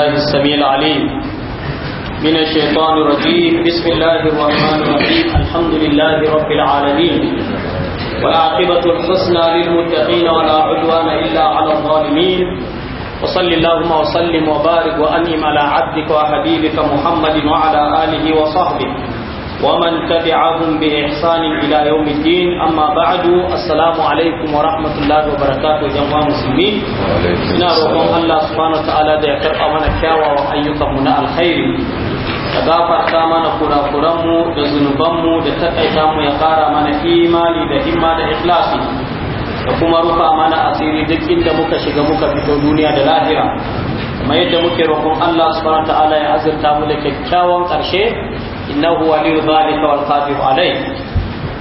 الله السميع العليم من الشيطان الرجيم بسم الله الرحمن الرحيم الحمد لله رب العالمين والعاقبة الحسنى للمتقين ولا عدوان إلا على الظالمين وصل اللهم وسلم وبارك وأنم على عبدك وحبيبك محمد وعلى آله وصحبه ومن تبعهم بإحسان إلى يوم الدين أما بعد السلام عليكم ورحمة الله وبركاته جماعة مسلمين إن روحهم الله سبحانه وتعالى دي كرقى من كاوى وأيكم من الخير تغافر كامان قرى قرم دزنبم دتقيتم يقار من إيمان دهما دإخلاص وكما رفع من أسير دك إن دمك شغمك في الدنيا دلاهرة ما يدمك روحهم الله سبحانه وتعالى يعزل تامل كاوى وقرشه إنه ولي ذلك والقادر عليه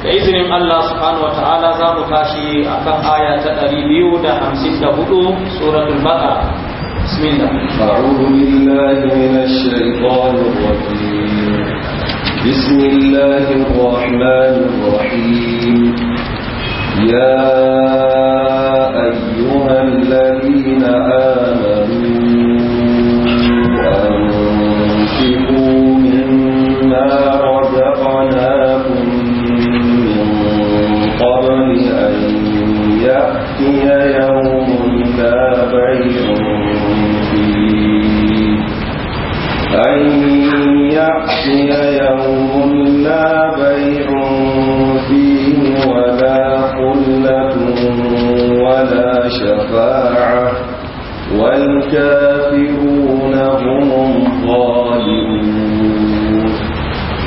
بإذن الله سبحانه وتعالى ذلك متاشي أكم آية تقريبيو دا ستة دا سورة البقرة بسم الله أعوذ بالله من الشيطان الرجيم بسم الله الرحمن الرحيم يا أيها الذين آمنوا من قبل أن يوم لا بيع فيه ولا خلة ولا شفاعة والكافرون هم الظالمون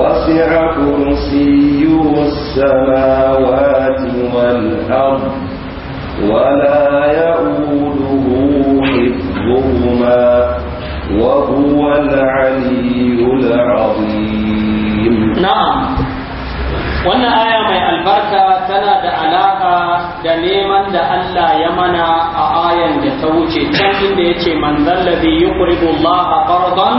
وسع كرسيه السماوات والأرض ولا يؤوده حفظهما وهو العلي العظيم نعم wannan aya mai albarka tana da alaka da neman da Allah ya mana a ayan da ta wuce can inda yace man zallabi yuqridu Allah qardan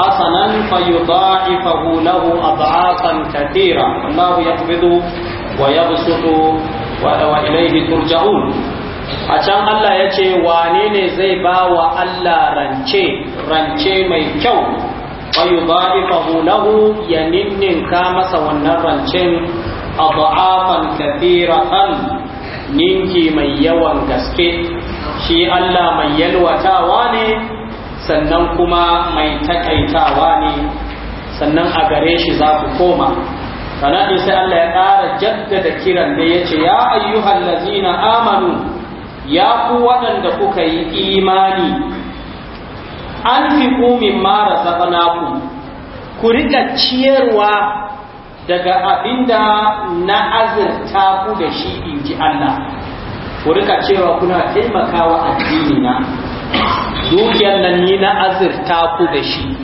hasanan fayudha'ifahu lahu ad'afan katira Allah yaqbidu wa yabsutu wa ilayhi turja'un a can Allah yace wane ne zai ba wa Allah rance rance mai kyau ويضاعفه له يمن كامس والنرن أضعافا كثيرة ninki mai yawan gaske shi Allah mai yalwatawa ne sannan kuma mai takaitawa sannan a gare shi za ku koma sannan sai Allah ya ƙara jaddada kiran da ya ce ya ayyuhallazina amanu ya ku waɗanda kuka yi imani an fi kumin mara zaɓanaku ku riƙa ciyarwa daga abinda na azurta ku da shi in ji Allah ku riƙa cewa kuna taimakawa addini na dukiyar nan ni na azurta ku da shi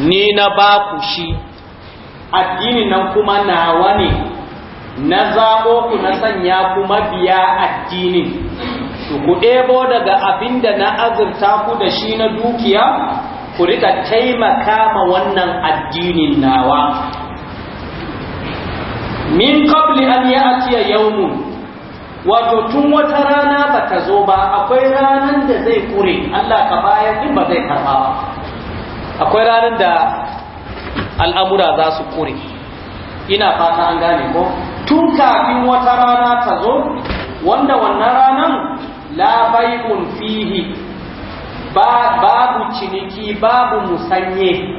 ni na ba ku shi addini nan kuma nawa ne na zaɓo ku na sanya ku mabiya addinin to ku ɗebo daga abin da na azurta ku da shi na dukiya ku rika taimaka ma wannan addinin nawa min kabli an ya'tiya yawmun wato tun wata rana ba ta zo ba akwai ranar da zai kure Allah ka bayan in ba zai karɓa ba akwai ranar da al'amura za su kure ina fata an gane ko tun kafin wata rana ta zo wanda wannan ranar la bai'un fihi ba babu ciniki babu musanye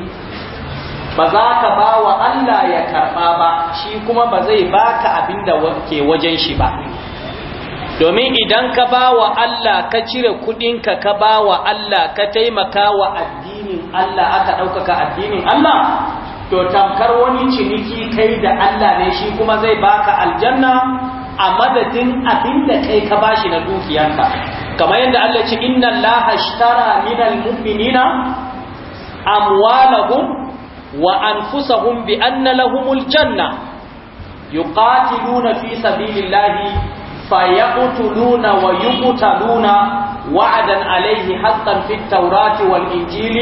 ba za ka ba wa Allah ya karɓa ba shi kuma ba zai baka abinda da ke wajen shi ba domin idan ka ba wa Allah ka cire kudinka ka ba wa Allah ka taimaka wa addinin Allah aka ɗaukaka addinin Allah to tamkar wani ciniki kai da Allah ne shi kuma zai baka aljanna a madadin abin da kai ka bashi na dukiyarka kamar yadda Allah ce inna Allah ashtara minal mu'minina amwalahum wa anfusahum bi anna lahumul janna yuqatiluna fi sabilillahi فيقتلون ويقتلون وعدا عليه حقا في التوراة والإنجيل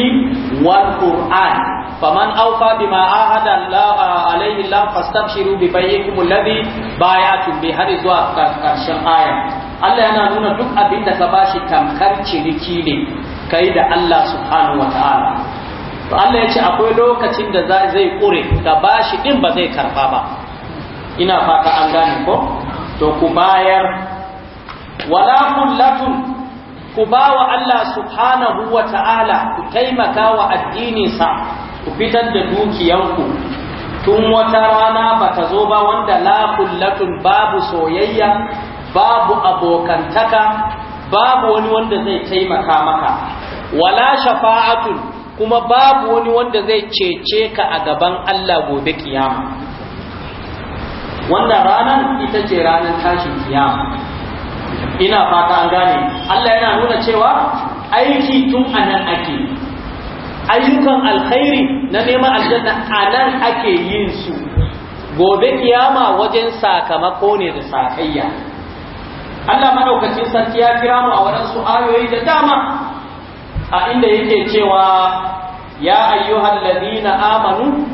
والقرآن فمن أوفى بما عاهد الله عليه الله فاستبشروا ببيعكم الذي بايعتم به هذه ƙarshen aya. Allah yana nuna duk abin da ka bashi tamkar ciniki ne kai da Allah subhanahu wa ta'ala to Allah ya ce akwai lokacin da zai kure ka bashi ɗin ba zai karɓa ba ina fata an gane ko to ku bayar wala kullatun ku bawa Allah subhanahu wa ta'ala ku taimaka wa addininsa ku fitar da dukiyanku tun wata rana ba ta zo ba wanda la kullatun babu soyayya babu abokantaka babu wani wanda zai taimaka maka wala shafa'atun kuma babu wani wanda zai cece ka a gaban Allah gobe kiyama Wanda ranar ita ce ranar tashin kiyama ina fata an gane Allah yana nuna cewa aiki tun anan ake ayyukan alkhairi na neman aljanna anan ake yin su gobe kiyama wajen sakamako ne da sakayya Allah madaukakin sarki ya kira mu a wadansu ayoyi da dama a inda yake cewa ya ayyuhal ladina amanu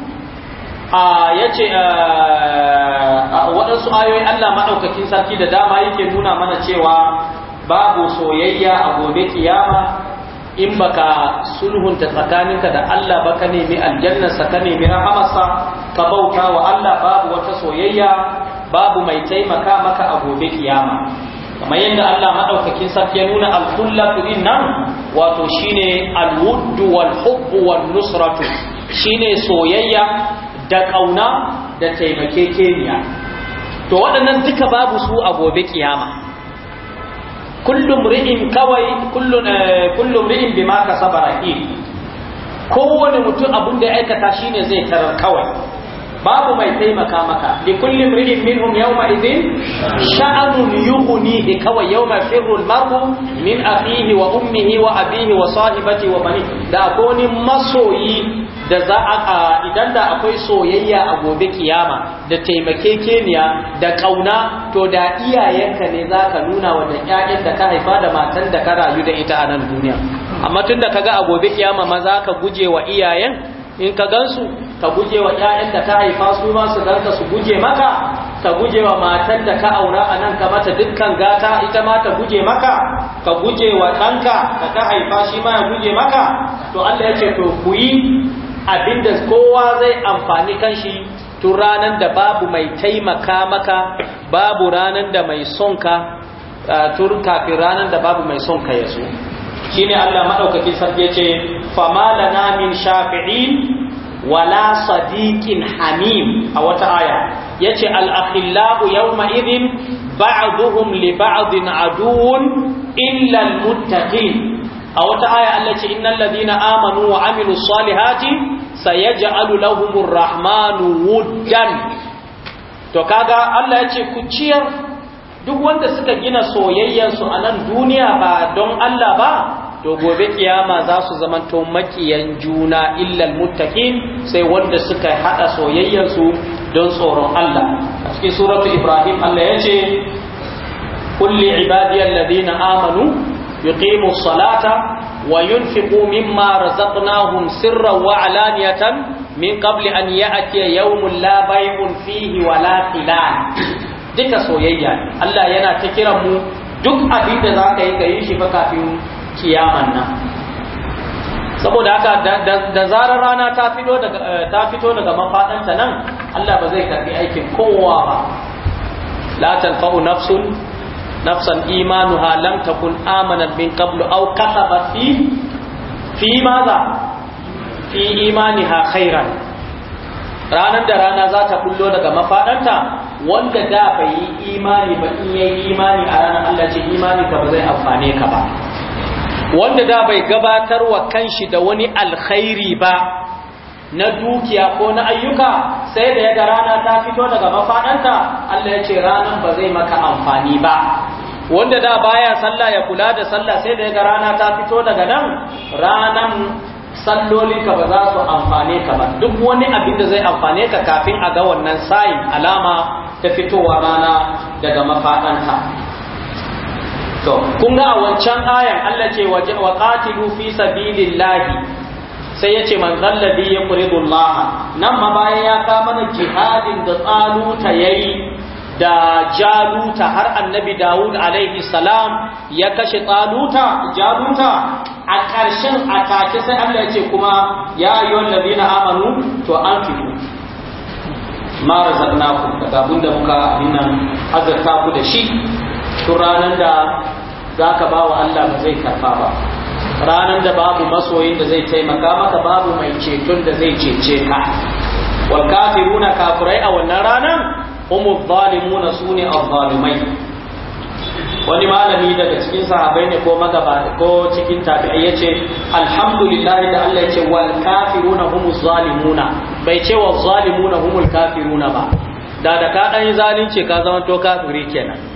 ya ce eh, waɗansu ayoyi Allah maɗaukakin sarki da dama yake nuna mana cewa babu soyayya a gobe kiyama in baka sulhunta tsakaninka da Allah ba ka nemi aljannarsa ka nemi rahamarsa ka bauta wa Allah babu wata soyayya babu mai taimaka maka a gobe kiyama kamar yadda Allah maɗaukakin sarki ya nuna alkullatu nan wato shine alwuddu wal hubbu wan nusratu shine soyayya da ƙauna da taimake taimakekeniya to waɗannan duka babu su a gobe kiyama kullum ri'in kawai kullum eh, ri'in bi maka kasaba rahim kowane mutum abin da aikata shine zai tarar kawai babu mai taimaka maka li kullum ri'in minhum yawma idhin sha'anun yughnihi kawai yawma firrul mar'u min akhihi wa ummihi wa abihi wa sahibati wa bani da koni masoyi da za a idan da akwai soyayya a gobe kiyama da taimake taimakekeniya da kauna to da iyayenka ne za ka nuna wajen ƴaƴan da ka haifa da matan da ka rayu da ita a nan duniya amma tun da kaga a gobe kiyama ma za ka guje wa iyayen in ka gansu ka guje wa ƴaƴan da ka haifa su ma su ganka su guje maka ka guje wa matan da ka aura a nan ka mata dukkan gata ita ma ta guje maka ka guje wa ɗanka da ka haifa shi ma ya guje maka to Allah yake to ku yi abinda kowa zai amfani kanshi tun ranar da babu mai taimaka maka babu ranar da mai sonka tun kafin ranar da babu mai sonka ya so shi ne allah maɗaukakin sarge ce fama lana min shafi'in wala sadiqin hamim a wata aya ya ce al'akhillahu yau ma'izin ba'aduhum li ba'adin aduwun illal muttaqin a wata aya allah ce innal ladina amanu wa Aminu salihati sayaj'alu lahumur rahmanu wuddan to kaga Allah yace kuciyar ku ciyar duk wanda suka gina su a nan duniya ba don Allah ba to gobe kiyama za su zamanto makiyan juna illal muttaqin sai wanda suka hada soyayyarsu don tsoron Allah a cikin suratu Ibrahim Allah ya ce kulli ibadiyal ladina amanu yuqimus salata wa yunfiqu mimma razaqnahum sirran wa alaniyatan min qabli an ya'tiya yawmun la bay'un fihi wa la khilal soyayya Allah yana ta kiran mu duk abin da zaka yi ka yi shi fa kafin kiyaman nan saboda haka da zarar rana ta fito daga mafaɗanta nan Allah ba zai karbi aikin kowa ba la tanfa'u nafsun nafsan imanuha lam takun amanat min qablu aw kasabat fi maza fi imaniha khairan ranar da rana za ta kullo daga mafaɗanta wanda da bai yi imani ba in yayi imani a ranar Allah ce imani ka ba zai amfane ka ba wanda da bai gabatar wa kanshi da wani alkhairi ba na dukiya ko na ayyuka sai da yaga rana ta fito daga mafaɗanta Allah ya ce ranan ba zai maka amfani ba wanda da baya sallah ya kula da sallah sai da yaga rana ta fito daga nan ranan sallolin ka ba za su amfane ka ba duk wani abin da zai amfane ka kafin a ga wannan sayin alama ta fitowa rana daga mafaɗanta to kun ga a wancan ayan Allah ce wa qatilu fi sabilillahi sai ya ce man ya kuridu Allah nan ma bayan ya ka mana jihadin da tsaluta yayi da jaluta har annabi Dawud alaihi salam ya kashe tsaluta jaluta a ƙarshen a kake, sai Allah ya ce kuma ya yi wallabi na amanu to an fito daga abin da muka nan azarta ku da shi to ranar da zaka ba wa Allah ba zai karfa ba ranar da babu masoyin da zai taimaka maka babu mai ceton da zai cece ka wal kafiruna kafirai a wannan ranar umu zalimuna sune azzalimai wani malami daga cikin sahabai ne ko magabata ko cikin tabi'i yace alhamdulillah da Allah yace wal kafiruna humuz zalimuna bai ce wal zalimuna humul kafiruna ba da da ka dan zalunci ka zama to kafiri kenan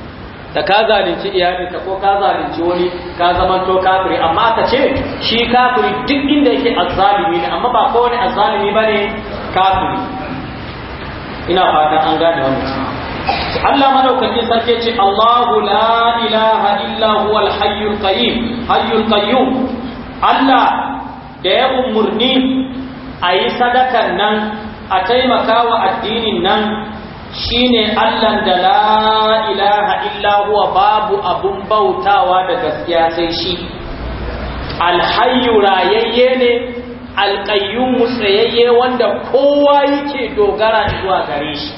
da ka zalunci iyali iyalinka ko ka zalunci wani ka to kafiri amma ka ce shi kafiri duk inda yake azzalimi ne amma ba kowane azzalimi bane kafiri ina fatan an gane wannan Allah madaukakin sarki ce Allahu la ilaha illa huwal hayyul qayyum hayyul qayyum Allah da ya umurni a yi sadakan nan a taimaka wa addinin nan shine Allah da la ilaha illa huwa babu abun bautawa da gaskiya sai shi alhayyu rayayye ne alqayyum tsayayye wanda kowa yake dogara zuwa gare shi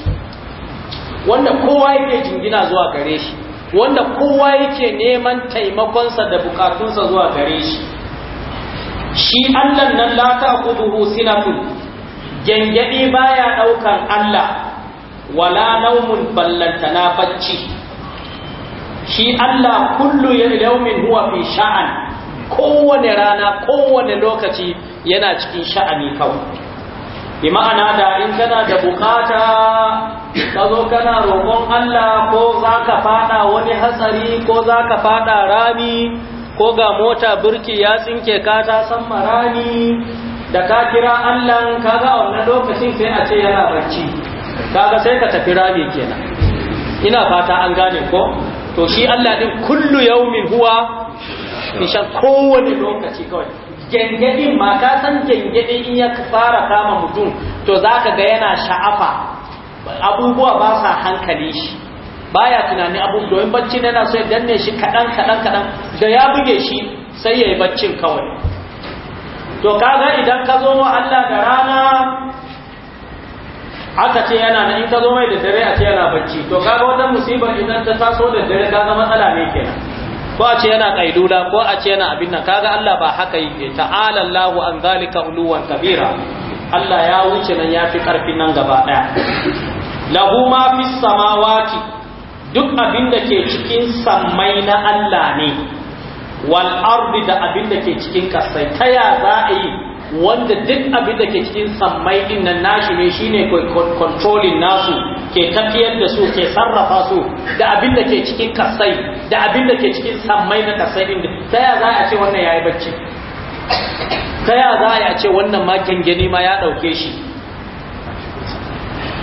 wanda kowa yake jingina zuwa gare shi wanda kowa yake neman taimakonsa da bukatunsa zuwa gare shi shi Allah nan la ta'khudhu sinatun gengedi baya daukan Allah wala naumun ballantana bacci shi Allah kullu yawmin huwa fi sha'an kowane rana kowane lokaci yana cikin sha'ani kawai bi ma'ana da in kana da bukata ka zo kana roƙon Allah ko zaka ka fada wani hatsari ko zaka ka fada rami ko ga mota birki ya tsinke ka ta san marani da ka kira Allah kaga a wannan lokacin sai a ce yana bacci. kaga sai ka tafi rami kenan ina fata an gane ko to shi Allah din kullu yaumi huwa fishan kowane lokaci kawai gengedi ma ka san gengedi in ya fara kama mutum to zaka ga yana sha'afa abubuwa ba sa hankali shi baya tunani abun doyin bacci na so ya danne shi kadan kadan kadan da ya buge shi sai yayi baccin kawai to kaga idan ka zo wa Allah da rana aka ce yana nan in ka zo mai da dare a ce yana bacci to kaga wannan musibar idan ta taso da dare ga matsala ne kenan ko a ce yana kaidula ko a ce yana abin nan kaga Allah ba haka yake ta'ala Allahu an zalika uluwan kabira Allah ya wuce nan ya fi karfin nan gaba daya lahu ma fis samawati duk abin da ke cikin sammai na Allah ne wal ardi da abin da ke cikin kasai ta ya za a yi wanda duk abin da ke cikin sammai din nan nashi ne shine controlling nasu ke tafiyar da su ke sarrafa su da abin da ke cikin kasai da abin da ke cikin sammai na kasai din ta ya za a ce wannan yayi bacci ta ya za a ce wannan ma gangani ma ya dauke shi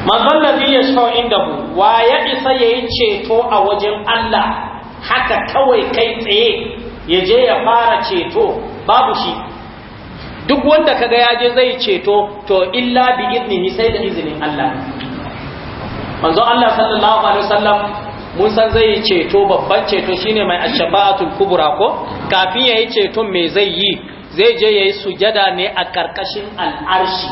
mazallabi ya shafa inda hu wa ya isa yi ceto a wajen Allah haka kawai kai tsaye ya je ya fara ceto babu shi duk wanda kaga ya je zai ceto to illa bi iznihi sai da izinin Allah manzo Allah sallallahu alaihi wasallam mun san zai ceto babban ceto shine mai ashabatul kubra ko kafin yayi ceton me zai yi zai je yayi sujada ne a karkashin al'arshi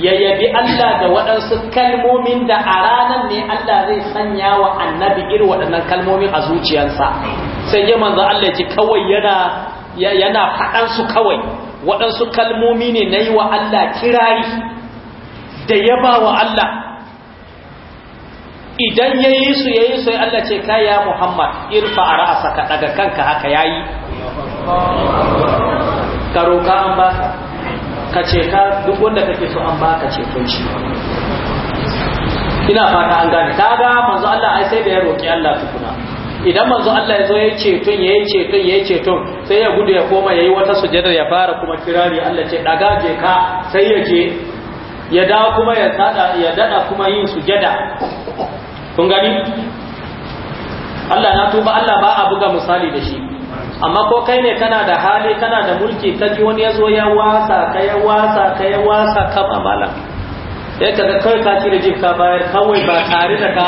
ya yabi Allah da waɗansu kalmomin da a ranar ne Allah zai sanya wa annabi irin waɗannan kalmomin a zuciyarsa sai ya manzo Allah ji kawai yana yana su kawai waɗansu kalmomi ne na yi wa Allah kirari da yaba wa Allah idan ya yi su ya yi su ya Allah ce ka ya Muhammad irfa a ra'asa ka daga kanka haka ya yi ka roƙa an baka ka ce ka duk wanda kake so an baka ce kunci ina fata an gane ta ga manzo Allah ai sai da ya roƙi Allah tukuna idan manzo Allah ya zo ya tun ya ce ceton ya ce tun sai ya gudu ya koma ya yi wata sujadar ya fara kuma kirari Allah ce daga je ka sai ya je ya dawo kuma ya tsada ya dada kuma yin sujada kun gani Allah na tuba Allah ba a buga misali da shi amma ko kai ne kana da hali kana da mulki kaji wani ya zo ya wasa ka ya wasa ka ya wasa ka mamala sai ka kai ka ci da jikka bayar kawai ba tare da ka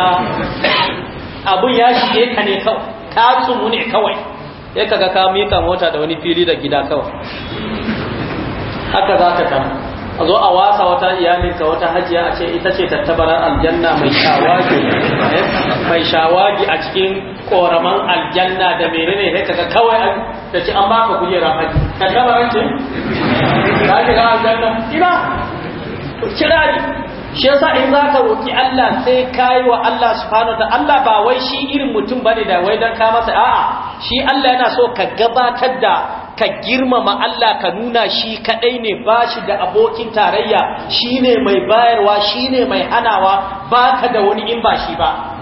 abun ya shige ka ne kawai ka tsumu ne kawai ya kaga ka mika mota da wani fili da gida kawai haka za ka kama a zo a wasa wata iyalinka wata hajiya a ce ita ce tattabarar aljanna mai shawagi eh, mai shawagi a cikin koraman aljanna da ne ya kaga kawai da ci an baka kujerar haji tattabarar ce za ki ga aljanna ina ne shi yasa in za ka roƙi Allah sai ka yi wa Allah subhanahu wa Allah ba wai shi irin mutum bane da wai dan ka masa a'a shi Allah yana so ka gabatar da ka girmama Allah ka nuna shi kadai ne bashi da abokin tarayya shine mai bayarwa shine mai hanawa ba ka da wani in ba shi ba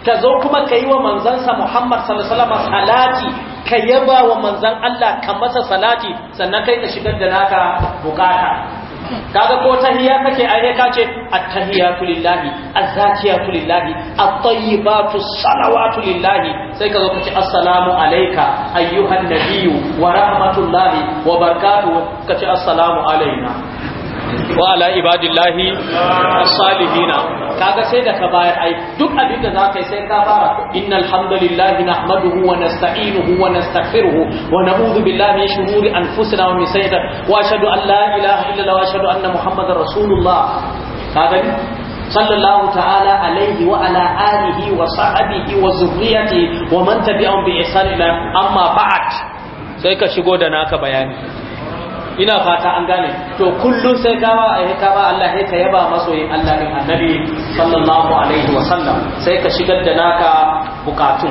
ka zo kuma ka yi wa manzansa Muhammad sallallahu salati ka yaba wa manzan Allah ka masa salati sannan kai ka shigar da naka bukata kaga ko tahiyya kake a ne ce at lillahi az lillahi at-tayyibatu salawatu lillahi sai ka kace assalamu alayka ayyuhan nabiyyu wa rahmatullahi wa barkatu kace assalamu alaina wa ala ibadillahi as-salihina kaga sai da ka bayar ai duk abin da zaka sai ka fara innal hamdalillahi nahmaduhu wa nasta'inuhu wa nastaghfiruhu wa na'udhu billahi min shururi anfusina wa min sayyi'ati wa ashhadu an la ilaha illallah wa ashhadu anna muhammadar rasulullah kaga sallallahu ta'ala alaihi wa ala alihi wa sahbihi wa zurriyyati wa man tabi'ahum bi ihsan ila amma ba'd sai ka shigo da naka bayani ina fata an gane to kullum sai ka ba a eh, ka ba Allah sai ka yaba masoyin Allah din annabi sallallahu alaihi wa sallam sai ka shigar da naka bukatun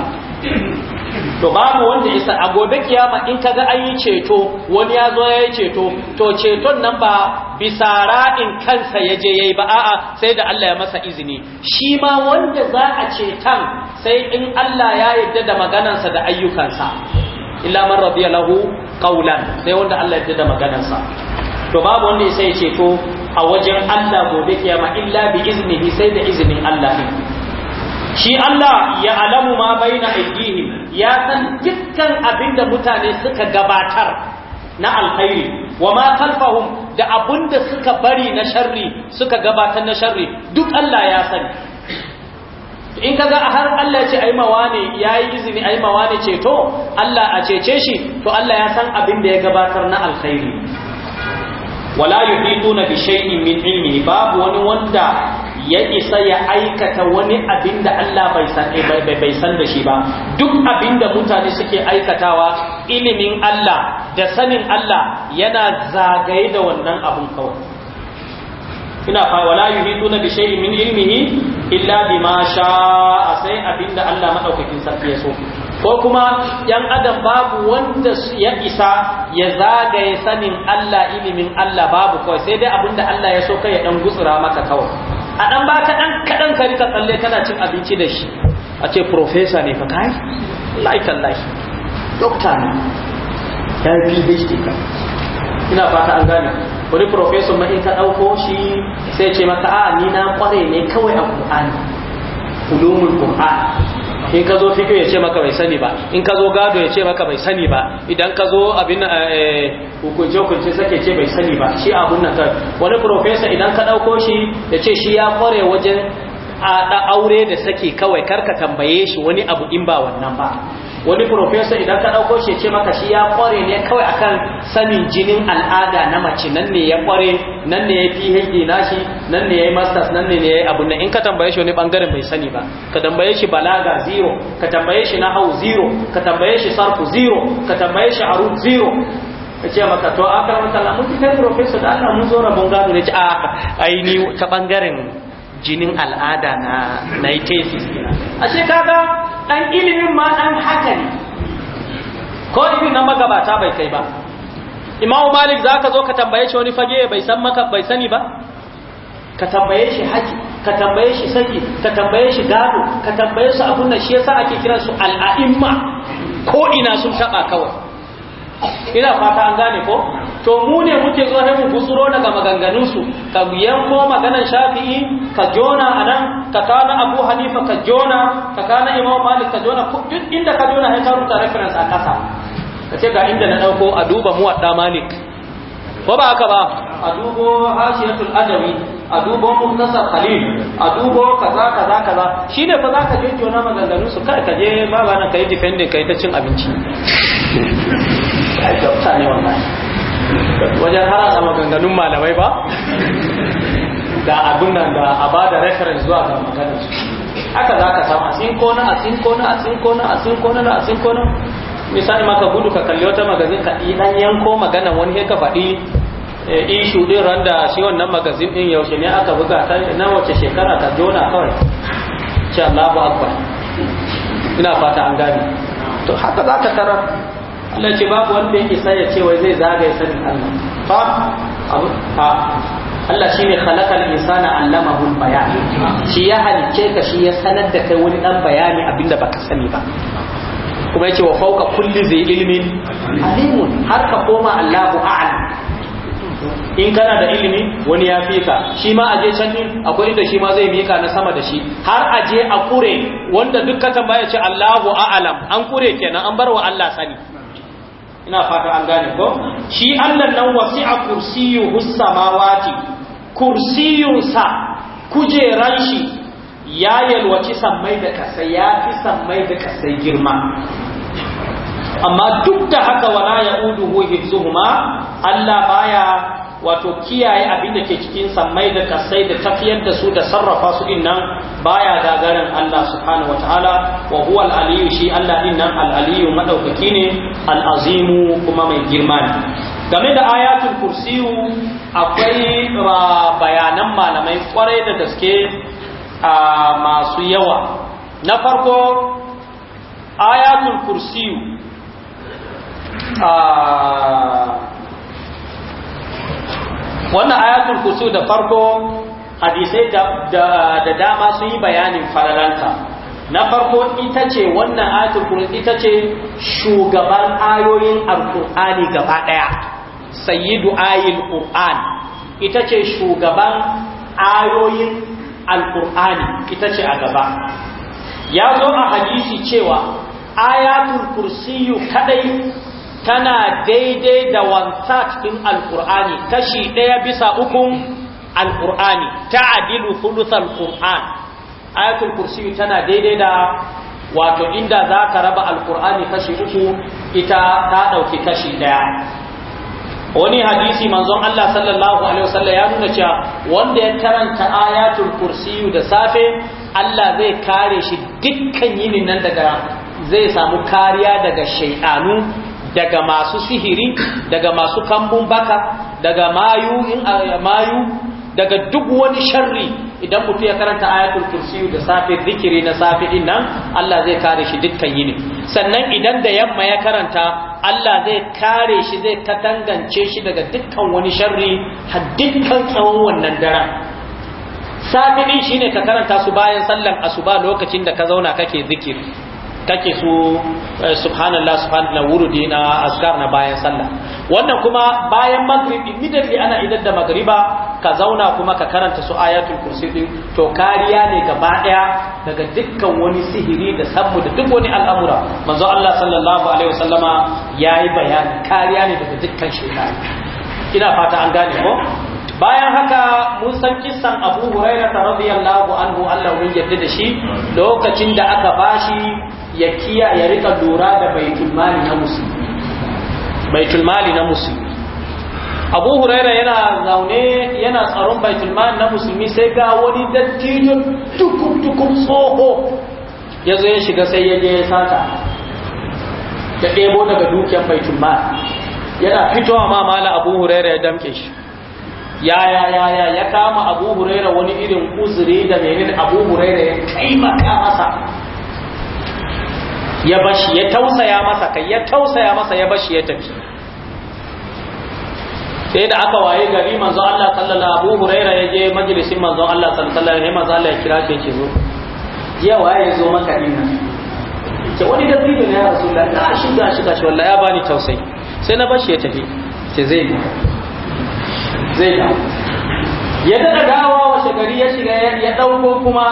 to babu wanda isa a gobe kiyama in ka ga an yi ceto wani ya zo ya yi ceto to ceton nan ba bisa ra'in kansa ya je yayi ba a'a sai da Allah ya masa izini shi ma wanda za a cetan sai in Allah ya yarda da maganarsa da ayyukansa illa man radiya lahu qawlan sai wanda Allah ya da maganarsa to babu wanda sai ce to a wajen Allah gobe kiyama illa bi iznihi sai da izinin Allah shi Allah ya alamu ma baina aidihim ya san dukkan abinda mutane suka gabatar na alkhairi wa ma khalfahum da abinda suka bari na sharri suka gabatar na sharri duk Allah ya sani in ka ga har Allah ce yi mawa ne yayi izini ai mawa ne ceto Allah a cece shi to Allah ya san abin da ya gabatar na alkhairi wala yuhituna bi shay'in min ilmi babu wani wanda ya isa ya aikata wani abin da Allah bai san da shi ba duk abin da mutane suke aikatawa ilimin Allah da sanin Allah yana zagaye da wannan abin kawai ina fa wala na bi shay'in min ilmihi illa bima sha'a sai abinda Allah maɗaukakin sarki ya so ko kuma yan adam babu wanda ya isa ya zagaye sanin Allah ilimin Allah babu kawai sai dai abinda Allah ya so kai ya ɗan gutsura maka kawai a dan ba ka dan kadan ka rika tsalle kana cin abinci da shi a ce professor ne fa kai like Allah doctor ne ya fi ka ina fata an gane wani profesor ma in ka ɗauko shi sai ce maka a ni na kware ne kawai a Qur'ani ulumul Qur'an in ka zo fiƙo ya ce maka bai sani ba in ka zo gado ya ce maka bai sani ba idan ka zo abin eh, hukunce hukunce sake ce bai sani ba shi abun nan kawai wani profesa idan ka ɗauko shi ya ce shi ya kware wajen a aure da sake kawai karka tambaye shi wani abu in ba wannan ba wani profesa idan ka ɗauko shi ce maka shi ya kware ne kawai akan sanin jinin al'ada na mace nan ne ya kware nan ne ya PhD nashi nan ne ya yi masters nan ne ya yi abu nan in ka tambaye shi wani bangaren bai sani ba ka tambaye shi balaga zero ka tambaye shi nahau zero ka tambaye shi sarfu zero ka tambaye shi aru zero ka ce maka to a karamar kala mun kai profesa da Allah mun zo rabon gado ne ce a ai ni ta bangaren jinin al'ada na na yi tesis ashe kaga Ɗan ilimin ma ɗan haka ne ko ilimin na magabata bai kai ba imamu malik za ka zo ka tambaye shi wani fage bai san maka bai sani ba ka tambaye shi haki, ka tambaye shi saki ka tambaye shi gado ka tambaye su abun da shi yasa ake kiran su al'a'imma ko ina sun taba kawai ina fata an gane ko to mu ne muke zo mu kusuro daga maganganunsu ka ko maganan shafi'i ka jona anan nan ka kana abu hanifa ka jona ka kana imam malik ka jona duk inda ka jona sai ka rubuta reference a kasa ka ce ga inda na dauko a duba mu wadda malik ko ba haka ba a dubo hashiyatul adawi a dubo muktasar khalil a dubo kaza kaza kaza shine fa zaka je jona maganganun su kai ka je baba na kai defending kai ta cin abinci ai ne wannan wajen harasa maganganun malamai ba da abin nan da a ba da reference zuwa ga maganar su haka za ka samu a tsinko a tsinko a tsinko a tsinko na a tsinko misali maka gudu ka kalli wata magazin ka ɗan yanko maganar wani ka faɗi eh, ishu ɗin randa shi wannan magazin ɗin yaushe ne aka buga ta na wace shekara ta jona kawai ce allah ba ina fata an gane to haka za ka tarar Allah ce babu wanda yake sai ya ce wai zai zagaye sanin Allah fa abu a Allah shine khalaqal insana allamahu bayan shi ya halice ka shi ya sanar da kai wani dan bayani abinda baka sani ba kuma yake wa fauka kulli zai ilmin alimun har ka koma Allahu a'lam in kana da ilimi wani ya fi ka shi ma aje can din akwai inda shi ma zai mika na sama da shi har aje a kure wanda duk ka tambaya ce Allahu a'lam an kure kenan an bar wa Allah sani ina fata an gane ko shi Allah nan wasi'a kursiyuhu samawati kursiyunsa kujeran shi ya yalwaci sammai da kasai ya fi sammai da kasai girma amma duk da haka wala ya'uduhu hifzuhuma Allah baya wato kiyaye abin da ke cikin sammai da kasai da tafiyar da su da sarrafa su din nan baya gagarin Allah subhanahu wataala wa huwa al-aliyu shi Allah din nan al-aliyu madaukaki ne al-azimu kuma mai girma ne game da ayatul kursiyu akwai ah, bayanan malamai kwarai da gaske a ah, masu yawa na farko ayatul kursiyu a ah, wannan ayatul kusu da farko hadisai da dama sun yi bayanin fararanta na farko ita ce wannan ayatul kusu ita ce shugaban ayoyin alkur'ani gaba daya sayyidu ayil qur'an ita ce shugaban ayoyin alkur'ani ita ce a gaba ya zo a hadisi cewa ayatul kursiyu kadai tana daidai da wansat ɗin alƙur'ani kashi ɗaya bisa ukun alƙur'ani ta adilu fulusar ƙur'an ayatul kursi tana daidai da wato inda za ka raba alƙur'ani kashi uku ita ta ɗauki kashi ɗaya wani hadisi manzon Allah sallallahu alaihi wasallam ya nuna cewa wanda ya karanta ayatul kursi da safe Allah zai kare shi dukkan yinin nan daga zai samu kariya daga shaidanu daga masu sihiri daga masu kambun baka daga mayu in mayu daga duk wani sharri idan mutu ya karanta ayatul kursi da safi zikiri na safe din nan Allah zai kare shi dukkan yini sannan idan da yamma ya karanta Allah zai kare shi zai katangance shi daga dukkan wani sharri har dukkan tsawon wannan daren safi din shine ka karanta su bayan sallan asuba lokacin da ka zauna kake zikiri take su eh, subhanallah subhanallah wurudi na askar na bayan sallah wannan kuma bayan maghrib immediately ana idan da maghriba ka zauna kuma ka karanta su ayatul kursi din to kariya ne gaba daya daga dukkan wani sihiri da sabbu da duk wani al'amura manzo Allah sallallahu alaihi wasallama yayi bayani kariya ne daga dukkan shaytani ina fata an gane ko bayan haka mun san kissan Abu Hurairah radiyallahu anhu Allah ya yarda da shi lokacin da aka bashi ya kiya ya rika lura da baitul mali na musulmi baitul na musulmi abu huraira yana zaune yana tsaron baitul mali na musulmi sai ga wani dattijo tukun tsoho ya zo ya shiga sai ya je ya sata ya ɗebo daga dukiyar baitul mali yana fitowa ma mala abu huraira ya damke shi ya ya ya ya ya kama abu huraira wani irin uzuri da menene abu huraira ya ya masa ya bashi ya tausaya masa kai ya tausaya masa ya bashi ya tafi sai da aka waye gari manzo Allah sallallahu wa Huraira ya je majalisin manzo Allah sallallahu alaihi wa sallam ya kira shi ce zo jiya waye ya zo maka dinna ce wani da bibi ne ya Rasulullah na ah, shiga shiga shi wallahi ya bani tausayi sai na bashi ya tafi ce zai ga zai ya daga dawa wa gari ya shiga ya dauko kuma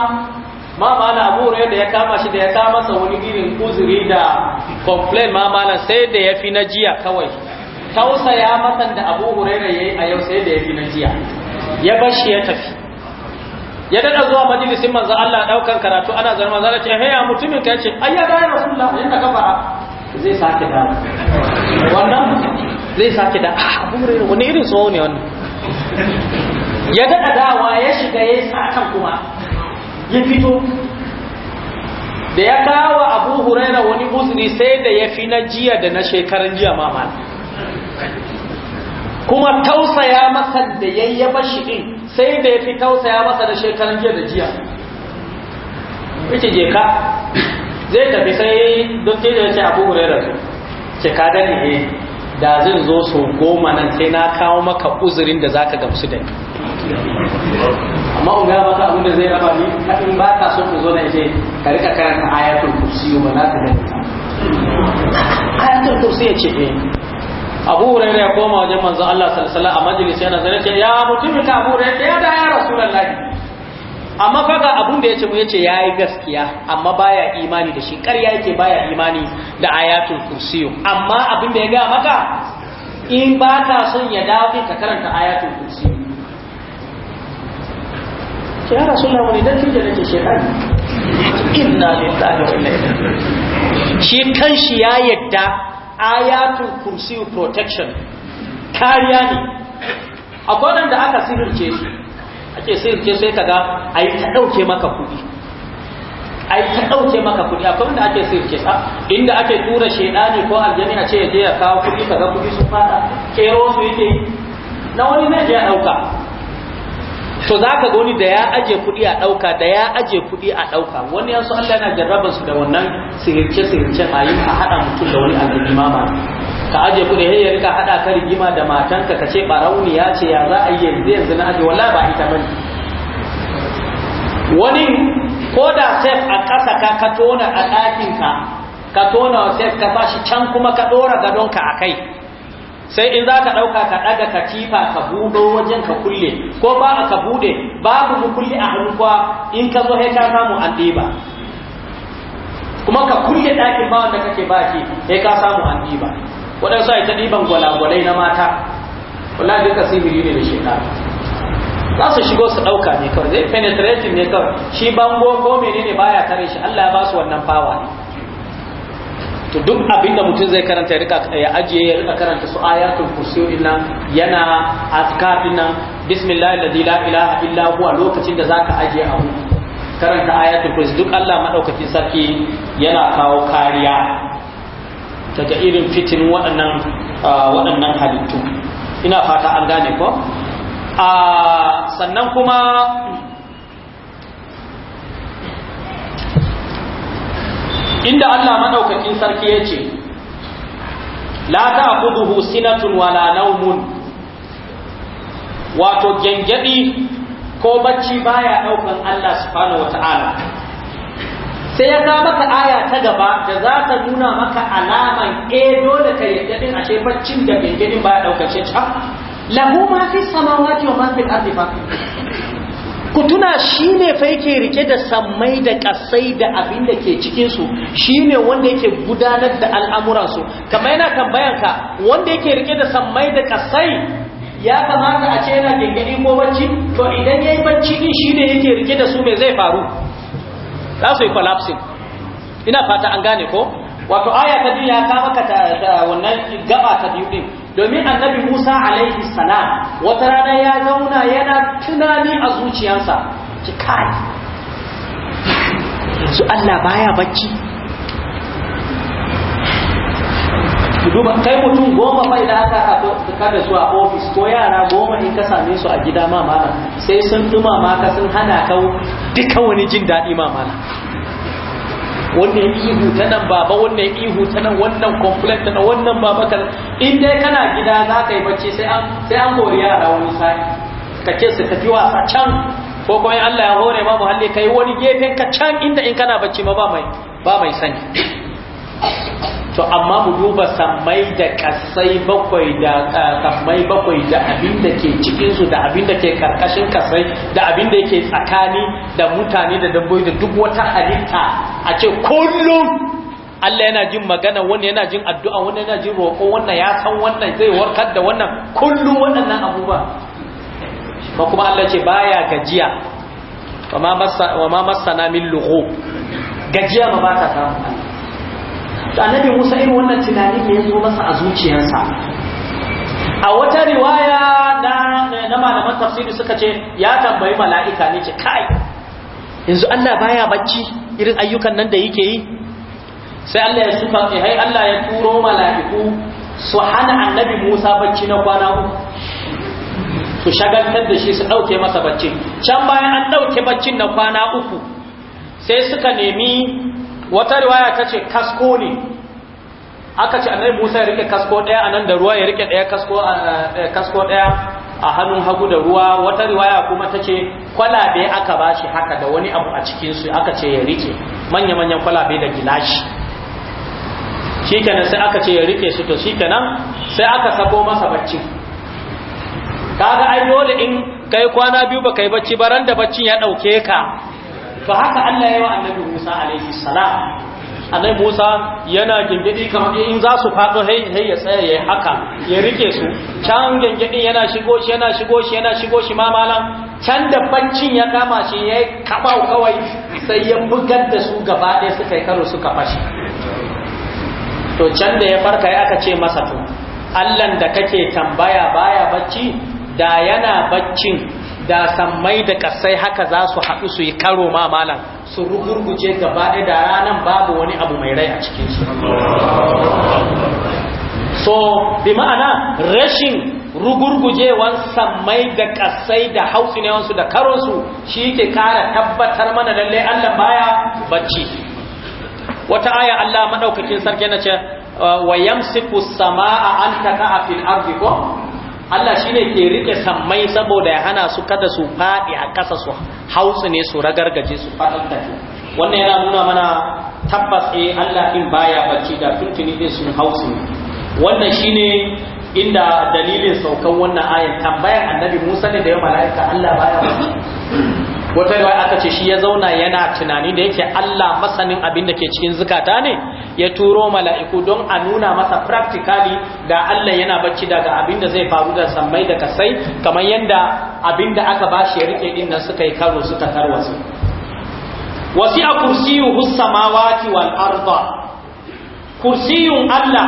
ma mana abu da ya kama shi da ya kama sa wani irin uzuri da complain ma mana sai da ya fi na jiya kawai Tausa ya matan da abu huraira ya yi a yau sai da ya fi na jiya ya bar shi ya tafi ya dada zuwa majalisin manzo Allah daukan karatu ana zama Allah ce ya mutumin ka ce ayya da ya rasulullah yanda ka fara zai sake da wannan zai sake da ah, abu huraira wani irin tsoho ne wannan ya dada dawa ya shiga ya sakan kuma ya fito da ya kawo abu huraira wani uzuri sai da ya fi na jiya da na shekaran jiya mamala kuma tausaya masa da yayyaba shi din sai da ya fi tausaya masa da shekaran jiya da jiya wace je ka zai tafi sai don ce da ya ce abu huraira ce ka gani ne da zan zo so goma nan sai na kawo maka uzurin da zaka gamsu da ni amma un ga maka abin da zai raba ni in ba ka so ku zo na je ka rika karanta ayatul kursi ba na ka gani ayatul kursi ya ce eh abu hurairah ya koma wajen manzon Allah sallallahu alaihi wasallam a majalisi yana zare ce ya mutum ka abu hurairah ya da ya rasulullahi amma faga abun da ya ce mu ya ce ya yi gaskiya amma baya imani da shi ƙarya yake baya imani da ayatul kursiyu amma abin da ya gaya maka in ba ka son ya dawo ka karanta ayatul kursiyu ya rasulullah wani dan tije nake shedan inna lillahi wa inna ilaihi shi kanshi ya yadda ayatul kursiyu protection kariya ne akwai da aka sirrince shi ake sai ke sai kaga ai ta dauke maka kuɗi ai ta dauke maka kuɗi akwai wanda ake sai sa, ah, inda ake tura shedani ko aljani a ce ya je ya kawo kuɗi kaga kuɗi sun fada kero su yake na wani ne ya dauka to za ka gani da ya aje kuɗi a ɗauka da ya aje kuɗi a ɗauka wani yansu Allah yana jarraba su da wannan sihirce sihirce a yi a haɗa mutum da wani abu imama ka aje ku da yayyar ka hada ka rigima da matanka ka ce barauniya ce ya za a yi yanzu yanzu na aje wallahi ba ita bane wani ko da sef a ƙasa ka ka tona a ɗakin ka ka tona sef ka fashi can kuma ka dora gadonka a kai sai in za ka ɗauka ka ɗaga katifa ka buɗo wajen ka kulle ko ba a ka buɗe babu mu kulle a hannu kwa in ka zo sai ka samu an ɗiba kuma ka kulle ɗakin ba wanda kake ba shi sai ka samu an ɗiba waɗansu a ta diban gwalagwalai na mata wallahi duka sihiri ne da shekaru za su shigo su ɗauka ne kawai zai penetrating ne kawai shi bango ko menene baya tare shi Allah ya ba su wannan fawa ne to duk abinda mutum zai karanta ya rika ya ajiye ya rika karanta su ayatul kursi nan, yana azkar nan, bismillahil ladhi la ilaha illa huwa lokacin da zaka ajiye abu karanta ayatul kursi duk Allah madaukakin sarki yana kawo kariya daga irin fitin waɗannan halittu ina fata an gane ko sannan kuma inda Allah maɗaukakin sarki ya ce la kudu sinatun wala nawmun wato gyangyaɗi ko bacci baya daukan Allah subhanahu wata'ala sai ya kawo maka aya ta gaba da za ta nuna maka alaman e dole ka yi din a baccin da ba baya daukace ta lahu ma fi samawati wa ma fil ba ku tuna shi ne fa yake rike da sammai da kasai da abin da ke cikinsu shi ne wanda yake gudanar da al'amuransu kamar yana tambayanka wanda yake rike da sammai da kasai ya kamata a ce yana gengadi ko bacci to idan ya yi bacci din shi ne yake rike da su me zai faru za su yi collapsing ina fata an gane ko wato aya ta biyu ya ta maka ta wannan gaba ta biyu din domin annabi Musa alaihi salam wata rana ya zauna yana tunani a zuciyarsa ki kai su Allah baya bacci su duba kai mutum goma bai da aka kada su a ofis ko yara goma in ka same su a gida ma mana sai sun fi ma ka sun hana ka duka wani jin daɗi ma mana wannan ihu ta nan baba wannan ihu ta nan wannan complaint ta nan wannan baba kan in dai kana gida za ka yi bacci sai an sai an yara wani sai ka ce su tafi wasa can ko kuma in Allah ya hore ma muhalli kai wani gefen ka can inda in kana bacci ma ba mai ba mai sani to amma mu duba sammai da kasai bakwai da sammai bakwai da abin da ke cikinsu da abin da ke karkashin kasai da abin da yake tsakani da mutane da dabbobi da duk wata halitta a ce kullum Allah yana jin magana wannan yana jin addu'a wannan yana jin roƙo wannan ya san wannan zai warkar da wannan kullum waɗannan abubuwa ba kuma Allah ce baya gajiya wa ma masana min lughu gajiya ba ba ta samu annabi musa irin wannan tunanin ne ya zo masa a zuciyarsa a wata riwaya na na malaman tafsiri suka ce ya tambayi mala'ika ne ce kai yanzu Allah baya bacci irin ayyukan nan da yake yi sai Allah ya suka ce eh, hai Allah ya turo mala'iku su hana annabi Musa bacci na kwana uku su shagaltar da shi su dauke masa bacci can bayan an dauke baccin na kwana uku sai suka nemi wata riwaya ta ce kasko ne aka ce annabi musa ya rike kasko ɗaya a nan da ruwa ya rike ɗaya eh, kasko ɗaya a hannun hagu da ruwa wata riwaya kuma ta ce kwalabe aka ba shi haka da wani abu a cikinsu aka ce ya rike manya-manyan kwalabe da gilashi shikenan sai aka ce ya rike su to shikenan sai aka sako masa bacci kaga ai dole in kai kwana biyu ba kai bacci ba ran baccin ya ɗauke ka to haka Allah ya yi wa annabi Musa alaihi salam annabi Musa yana gengedi kamar in za su fado hey hey ya tsaya yayi haka ya rike su can gengedin yana shigo shi yana shigo shi yana shigo shi ma malam can da bancin ya kama shi yayi kabau kawai sai ya bugar da su gaba ɗaya suka yi karo suka fashi to can da ya farka ya aka ce masa to Allahn da kake tambaya baya bacci da yana baccin da sammai da kasai haka za su haɗu su yi karo ma malam su rugurguje gaba ɗaya da ranan babu wani abu mai rai a cikinsu so bi ma'ana rashin rugurgujewan sammai da kasai da wasu da karonsu shi ke kara tabbatar mana lalle allah baya bacci wata aya allah maɗaukakin sarki na ce wa yamsiku sama'a an taka a fil ardi ko Allah shine ke rike sammai saboda ya hana su kada su faɗi a ƙasa su hausu ne su ragargaje su ke. wannan yana nuna mana tabbas eh Allah in baya bacci da tuntuni din sun hausu ne wannan shine inda dalilin saukan wannan ayin tambayar annabi Musa ne da ya mala'ika Allah baya bacci wata aka ce shi ya zauna yana tunani da yake Allah masanin abin da ke cikin zukata ne ya turo mala'iku don a nuna masa practically da Allah yana bacci daga abin da zai faru da sammai da kasai kamar yadda abin da aka bashi ya rike din nan suka yi karo suka tarwatsu wasi a kursiyu samawati wal arda kursiyun Allah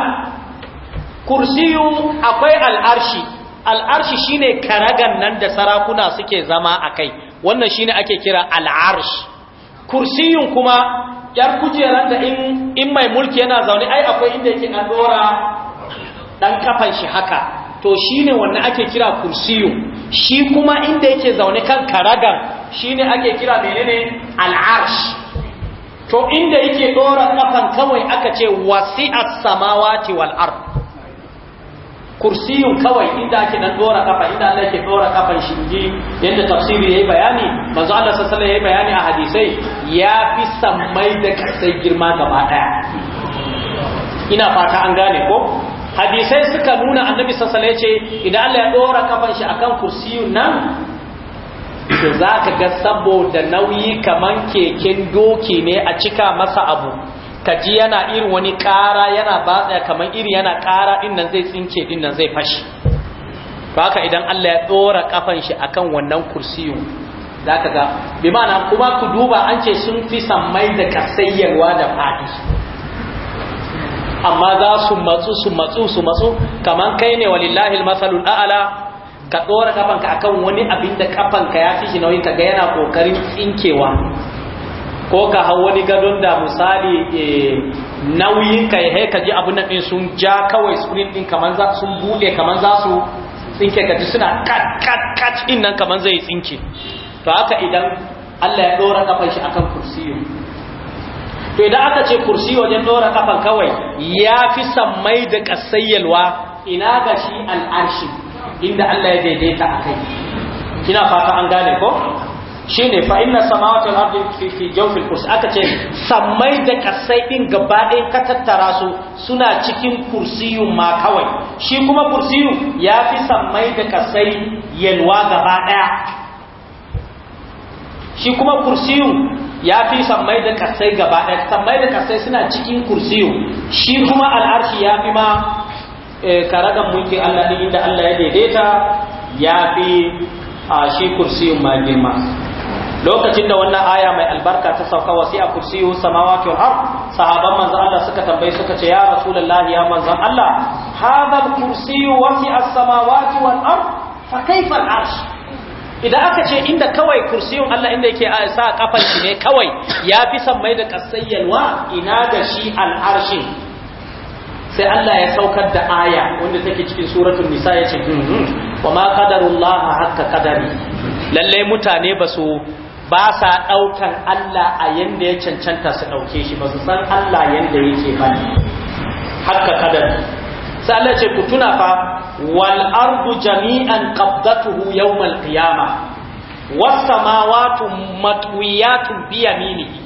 kursiyun akwai al'arshi al'arshi shine karagan nan da sarakuna suke zama a kai wannan shine ake kira al'arshi kursiyun kuma yar kujeran da in in mai mulki yana zaune ai akwai inda yake na dora dan kafan shi haka to shine wannan ake kira kursiyo, shi kuma inda yake zaune kan karagar shine ake kira menene al'arsh to inda yake dora kafan kawai aka ce wasi'as samawati wal ardh kursiyun kawai inda ake dan dora kafa inda Allah yake dora kafan shi inji yadda tafsiri yayi bayani manzo Allah sallallahu alaihi bayani a hadisai ya fi sammai da kasai girma gaba daya ina fata an gane ko hadisai suka nuna annabi sallallahu alaihi ce idan Allah ya dora kafan shi akan kursiyun nan to zaka ga saboda nauyi kaman keken doki ne a cika masa abu kaji yana irin wani ƙara yana batsa kamar iri yana ƙara din zai tsinke din zai fashi baka idan Allah ya tsora kafan shi akan wannan kursiyu zaka ga bi ma'ana kuma ku duba an ce sun fi sammai da kasayyarwa da fadi amma za su matsu su matsu su matsu kaman kai ne walillahi almasalul a'la ka tsora kafanka akan wani abin da kafanka ya fi shi nauyi kaga yana kokarin tsinkewa ko ka hau wani gadon da misali eh, nauyin ka ya ka ji abu nan sun ja kawai screen din kamar za sun buɗe kamar za su tsinke ka ji suna kat kat kat in nan kamar zai tsinke to haka idan Allah ya ɗora kafan shi akan kursiyo to idan aka ce kursi wajen ɗora kafan kawai ya fi sammai da kasayyalwa ina ga shi al'arshi inda Allah ya daidaita a kai kina fata an gane ko Shi ne inna samawati wal ardi fi fi jawfil kursi aka ce sammai da kasai ɗin gaba ka tattara su suna cikin kursiyu ma kawai shi kuma kursiyu ya fi sammai da kasai yalwa gaba ɗaya shi kuma kursiyu ya fi sammai da kasai gaba ɗaya sammai da kasai suna cikin kursiyu shi kuma al'arshi ya fi ma eh, karagan mulkin Allah ne inda Allah ya daidaita ya fi a ah, shi kursiyun ma girma lokacin da wannan aya mai albarka ta sauka wasi a kursiyu samawati wal har? sahaban manzon Allah suka tambayi suka ce ya rasulullah ya manzan Allah hadha kursiyu wasi a samawati wal har? fa kaifa arsh idan aka ce inda kawai kursiyun Allah inda yake sa kafan shi ne kawai ya fi san mai da kasayyalwa ina da shi al sai Allah ya saukar da aya wanda take cikin suratul nisa yace mhm, wa ma qadarullah hakka qadari lalle mutane ba su ba sa ɗaukan Allah a yanda ya cancanta su ɗauke shi ba su san Allah yanda yake bane haka kadar sai Allah ce ku tuna fa wal ardu jami'an qabdatuhu yawm al qiyama was samawati matwiyatun bi yaminihi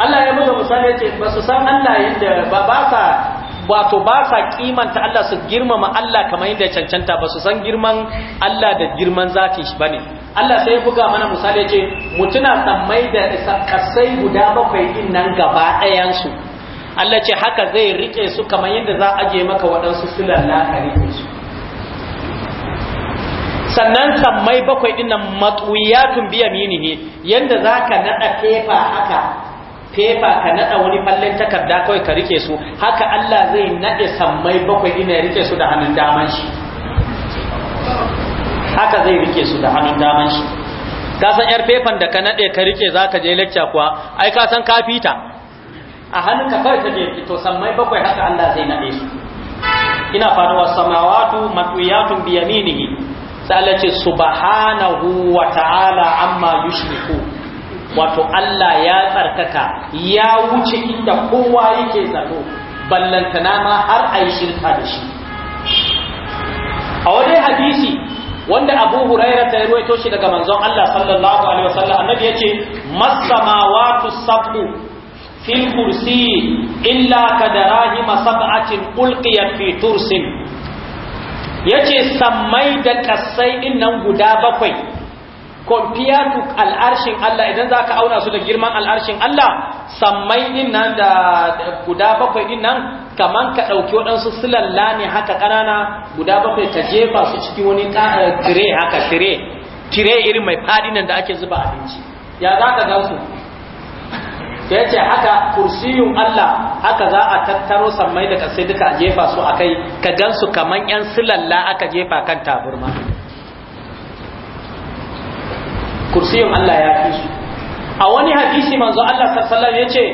Allah ya buga misali ce ba su san Allah yanda ba ba sa wato ba sa kimanta Allah su girmama Allah kamar yadda ya cancanta ba su san girman Allah da girman zafin shi ne. Allah sai ya buga mana misali ya yace mutuna sammai da kasai guda bakwai din nan gaba ɗayan Allah ce haka zai rike su kamar yadda za a je maka waɗansu sulan la'akari su sannan sammai bakwai din nan matuwiyatun biya mini ne yadda za ka naɗa fefa haka fefa ka nada wani fallen takarda kawai ka rike su haka Allah zai nade sammai bakwai ina ya rike su da hannun daman shi haka zai rike su da hannun daman shi ka san yar fefan da ka nade ka rike zaka je lecture kuwa ai ka san ka fita a hannun ka kawai je to sammai bakwai haka Allah zai nade su ina fara wa samawatu matwiyatun bi yaminihi sai Allah ce subhanahu wa ta'ala amma yushriku wato Allah ya tsarkaka ya wuce inda kowa yake zato ballantana ma har a yi shirka da shi a wani hadisi wanda abu huraira ta ruwaito shi daga manzon Allah sallallahu alaihi wasallam annabi yace masamawatu sabu fil kursi illa kadarahim sab'atin ulqiyat fi tursin yace sammai da kasai innan guda bakwai compared al'arshin Allah idan za ka auna su da girman al'arshin Allah sammai din nan da guda bakwai din nan kaman ka ɗauki waɗansu silalla ne haka ƙanana guda bakwai ka jefa su cikin wani eh, tire haka tire tire irin mai faɗi nan da ake zuba abinci ya za ka gansu ya ce haka kursiyun Allah haka za a tattaro sammai da sai duka a jefa su a kai ka gansu kaman 'yan silalla aka jefa kan taburma kursiyin Allah ya fi su a wani hadisi manzo Allah sallallahu ya ce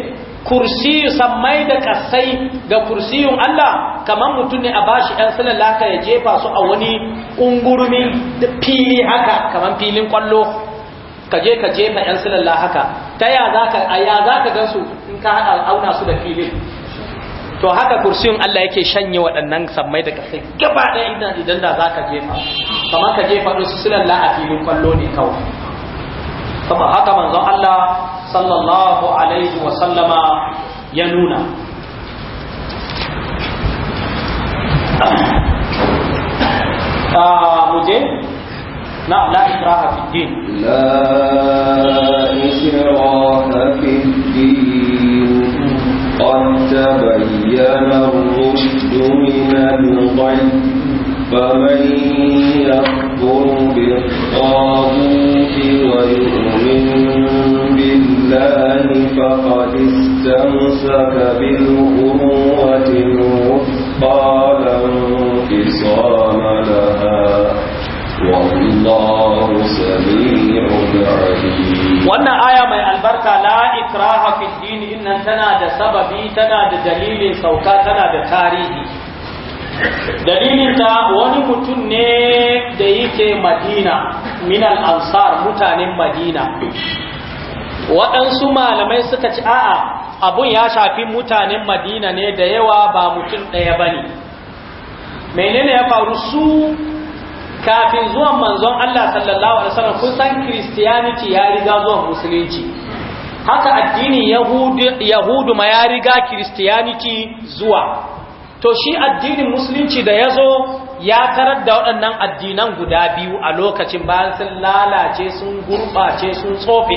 kursiyu sammai da kasai ga kursiyun Allah kamar mutum ne a bashi ɗan sanin laka ya jefa su a wani da fili haka kamar filin kwallo ka je ka jefa ɗan sanin haka ta ya za ka a ya za ka gan in ka haɗa auna su da filin to haka kursiyun Allah yake shanye waɗannan sammai da kasai gaba ɗaya idan da za ka jefa kamar ka jefa ɗin su a filin kwallo ne kawai saboda haka manzon Allah sallallahu alaihi wa sallama ya nuna muje na la ikraha fi din la ikraha fi din قد تبين الرشد من الغي فمن يكفر بالطاغوت ويؤمن بالله فقد استمسك بالعروة الوثقى لا انفصام لها والله سميع عليم wannan aya mai albarka la ikraha fi din innan tana da sababi tana da dalilin sauka tana da tarihi dalilinta wani mutum ne da yake madina minal ansar mutanen madina waɗansu malamai suka ci a'a abun ya shafi mutanen madina ne da yawa ba mutum ɗaya ba ne menene ya faru su kafin zuwan manzon Allah sallallahu alaihi wasallam kun san christianity ya riga zuwan musulunci haka addinin yahudu ma ya riga christianity zuwa to shi addinin musulunci da ya zo ya tarar da waɗannan addinan guda biyu a lokacin bayan sun lalace sun gurɓace sun tsofe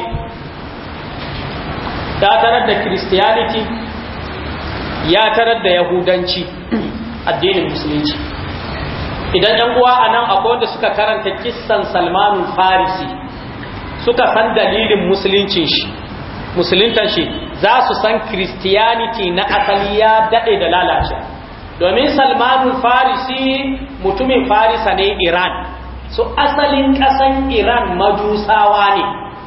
ya tarar da christianity ya tarar da yahudanci addinin musulunci idan yan uwa a nan akwai wanda suka karanta kisan Salmanu farisi suka san dalilin musuluncin shi musuluntan shi za su san christianity na asali ya daɗe da lalace domin salmanul farisi mutumin farisa ne iran su asalin ƙasan iran majusawa ne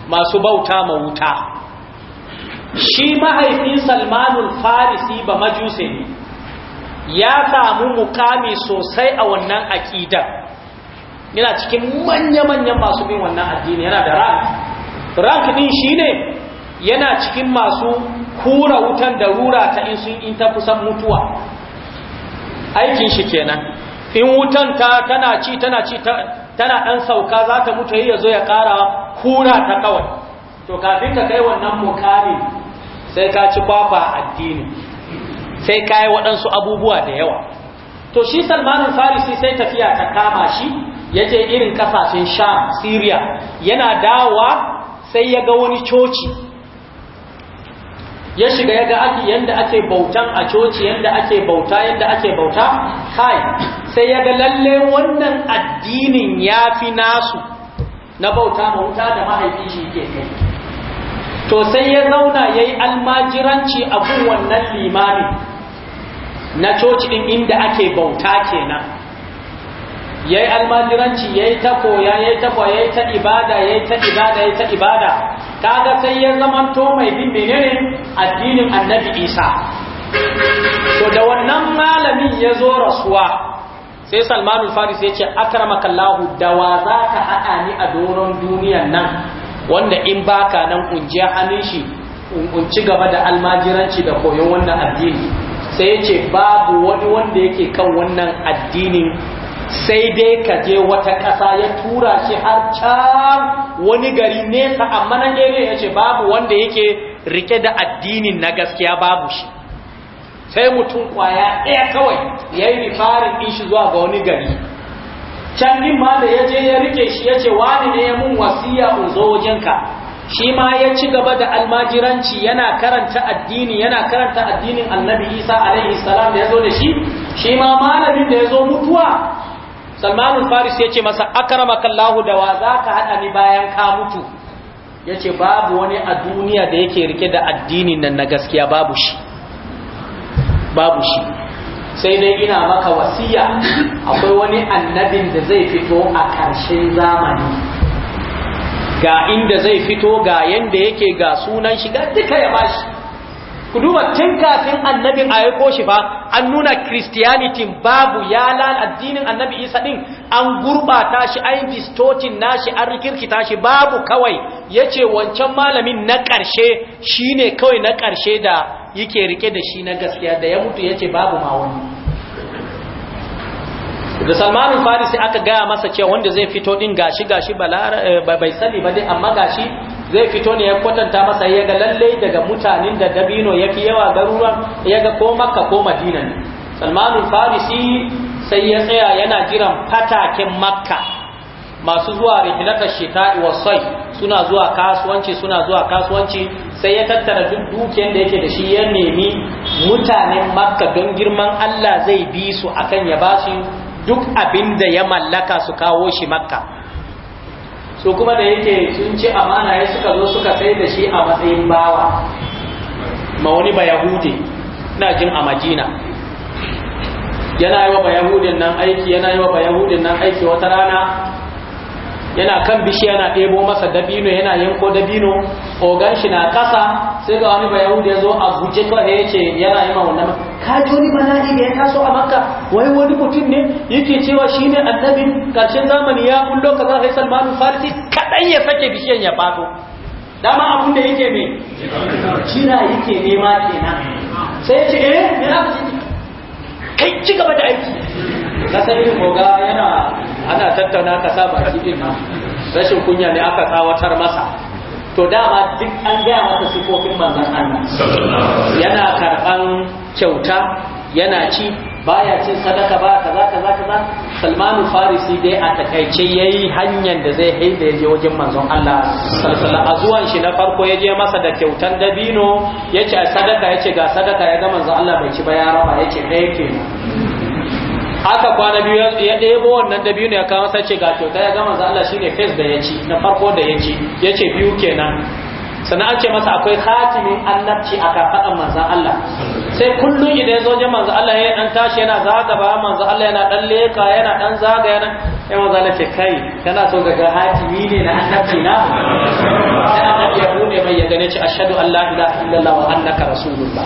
masu bauta ma wuta shi mahaifin salmanul farisi ba majuse ne ya samu mukami sosai a wannan akidar yana cikin manya-manyan masu bin wannan addini yana da rank rank din ne yana cikin masu kura wutan da rura ta in sun in ta kusan mutuwa aikin shi kenan in wutan ta tana ci tana ci tana dan sauka za ta mutu ya zo ya kara kura ta kawai to kafin ka kai wannan mukari sai ka ci kwakwa addini sai ka yi waɗansu abubuwa da yawa to shi salmanin farisi sai tafiya ta kama shi ya irin ƙasashen sha syria yana dawa sai ya ga wani coci ya shiga yadda ake yanda ake bautan a coci yadda ake bauta yadda ake bauta kai sai ya ga lalle wannan addinin ya fi nasu na bauta bauta da mahaifi shi ke kai to sai ya zauna ya yi almajiranci a gun wannan limamin na coci ɗin inda ake bauta kenan ya yi almajiranci ya yi ta koya ya yi ta koya ya yi ta ibada ya yi ta ibada ya yi ta ibada kaga sai ya zamanto mai bin menene addinin annabi isa to da wannan malamin ya zo rasuwa sai salmanul faris ya ce akramakallahu da wa za ka haɗa ni a doron duniyan nan wanda in baka nan kunjiya hannun shi in gaba da almajiranci da koyon wannan addini sai ya ce babu wani wanda yake kan wannan addinin sai dai ka je wata ƙasa ya tura shi har can wani gari nesa amma nan area ya ce babu wanda yake rike da addinin na gaskiya babu shi sai mutum kwaya ɗaya kawai ya yi rifarin ɗin shi zuwa ga wani gari can din ma da ya je ya rike shi ya ce wani ne ya mun wasiya un zo wajenka shi ma ya ci gaba da almajiranci yana karanta addini yana karanta addinin annabi isa alaihi salam da ya zo da shi shi ma malamin da ya zo mutuwa salmanul faris ya ce masa akramakallahu da wa za ka haɗa ni bayan ka mutu Yace, babu wani a duniya da yake rike da addinin nan na gaskiya babu shi babu shi sai dai ina maka wasiya akwai wani annabin da zai fito a ƙarshen zamani ga inda zai fito ga yanda yake ga sunan shiga duka ya bashi ku duba tun kafin annabin a aiko shi ba an nuna christianity babu ya lal addinin annabi isa din an gurbata shi an distortin nashi an rikirkita shi babu kawai yace wancan malamin na karshe shine kawai na karshe da yake rike da shi na gaskiya da ya mutu yace babu ma wani da salmanin farisi aka gaya masa cewa wanda zai fito din gashi gashi eh, bai sani ba dai amma gashi zai fito ne ya kwatanta masa ya ga lalle daga mutanen da dabino yafi yawa garuran ya ga ko makka ko madina ne Salmanu farisi sai ya tsaya yana jiran fataken makka masu zuwa rihilatar shita'i wasai suna zuwa kasuwanci suna zuwa kasuwanci sai ya tattara duk dukiyar da yake da shi ya nemi mutanen makka don girman allah zai bi su akan ya ba su duk abin da ya mallaka su kawo shi makka su kuma da yake sun ci amana ya suka zo suka sai da shi a matsayin bawa ma wani ba yahudi na jin a majina yana yi wa ba yahudin nan aiki yana yi wa ba yahudin nan aiki wata rana yana kan bishi yana ɗebo masa dabino yana yanko dabino ogan shi na ƙasa sai ga wani bayan ya zo a guje ko ya ce yana yi ma wannan ka ji wani bala'i da ya taso a makka wai wani mutum ne yake cewa shi ne annabin ƙarshen zamani ya kullo ka za a yi salmanu farisi kaɗan ya sake bishiyan ya fato dama abin da yake mai jira yake nema kenan sai ya ce eh kai ci gaba da aiki na san irin yana ana tattauna ka sa baki din rashin kunya ne aka tsawatar masa to dama duk an gaya masa sifofin manzan Allah yana karɓan kyauta yana ci baya cin sadaka ba za za ka za? Salmanu Farisi dai a takaice yi hanyar da zai haida je wajen manzon Allah salsala a zuwan shi na farko ya je masa da kyautan dabino ya yace sadaka ya ce ga sadaka ya ga manzon Allah bai ci ba ya raba ce ɗaya kenan aka kwana biyu ya ɗebo wannan da biyu ne ya kawo sace ga kyauta ya gama za Allah shine fes da ya ci na farko da ya ci ya ce biyu kenan sannan an ce masa akwai hatimin annabci a kafaɗan manzan Allah sai kullum idan ya zo je manzan Allah ya ɗan tashi yana zaga ba manzan Allah yana ɗan leka yana ɗan zaga yana sai manzan Allah ce kai yana so ga hatimi ne na annabci na sai annabi ya bude mai ya gane ce ashhadu an ilaha illallah wa annaka rasulullah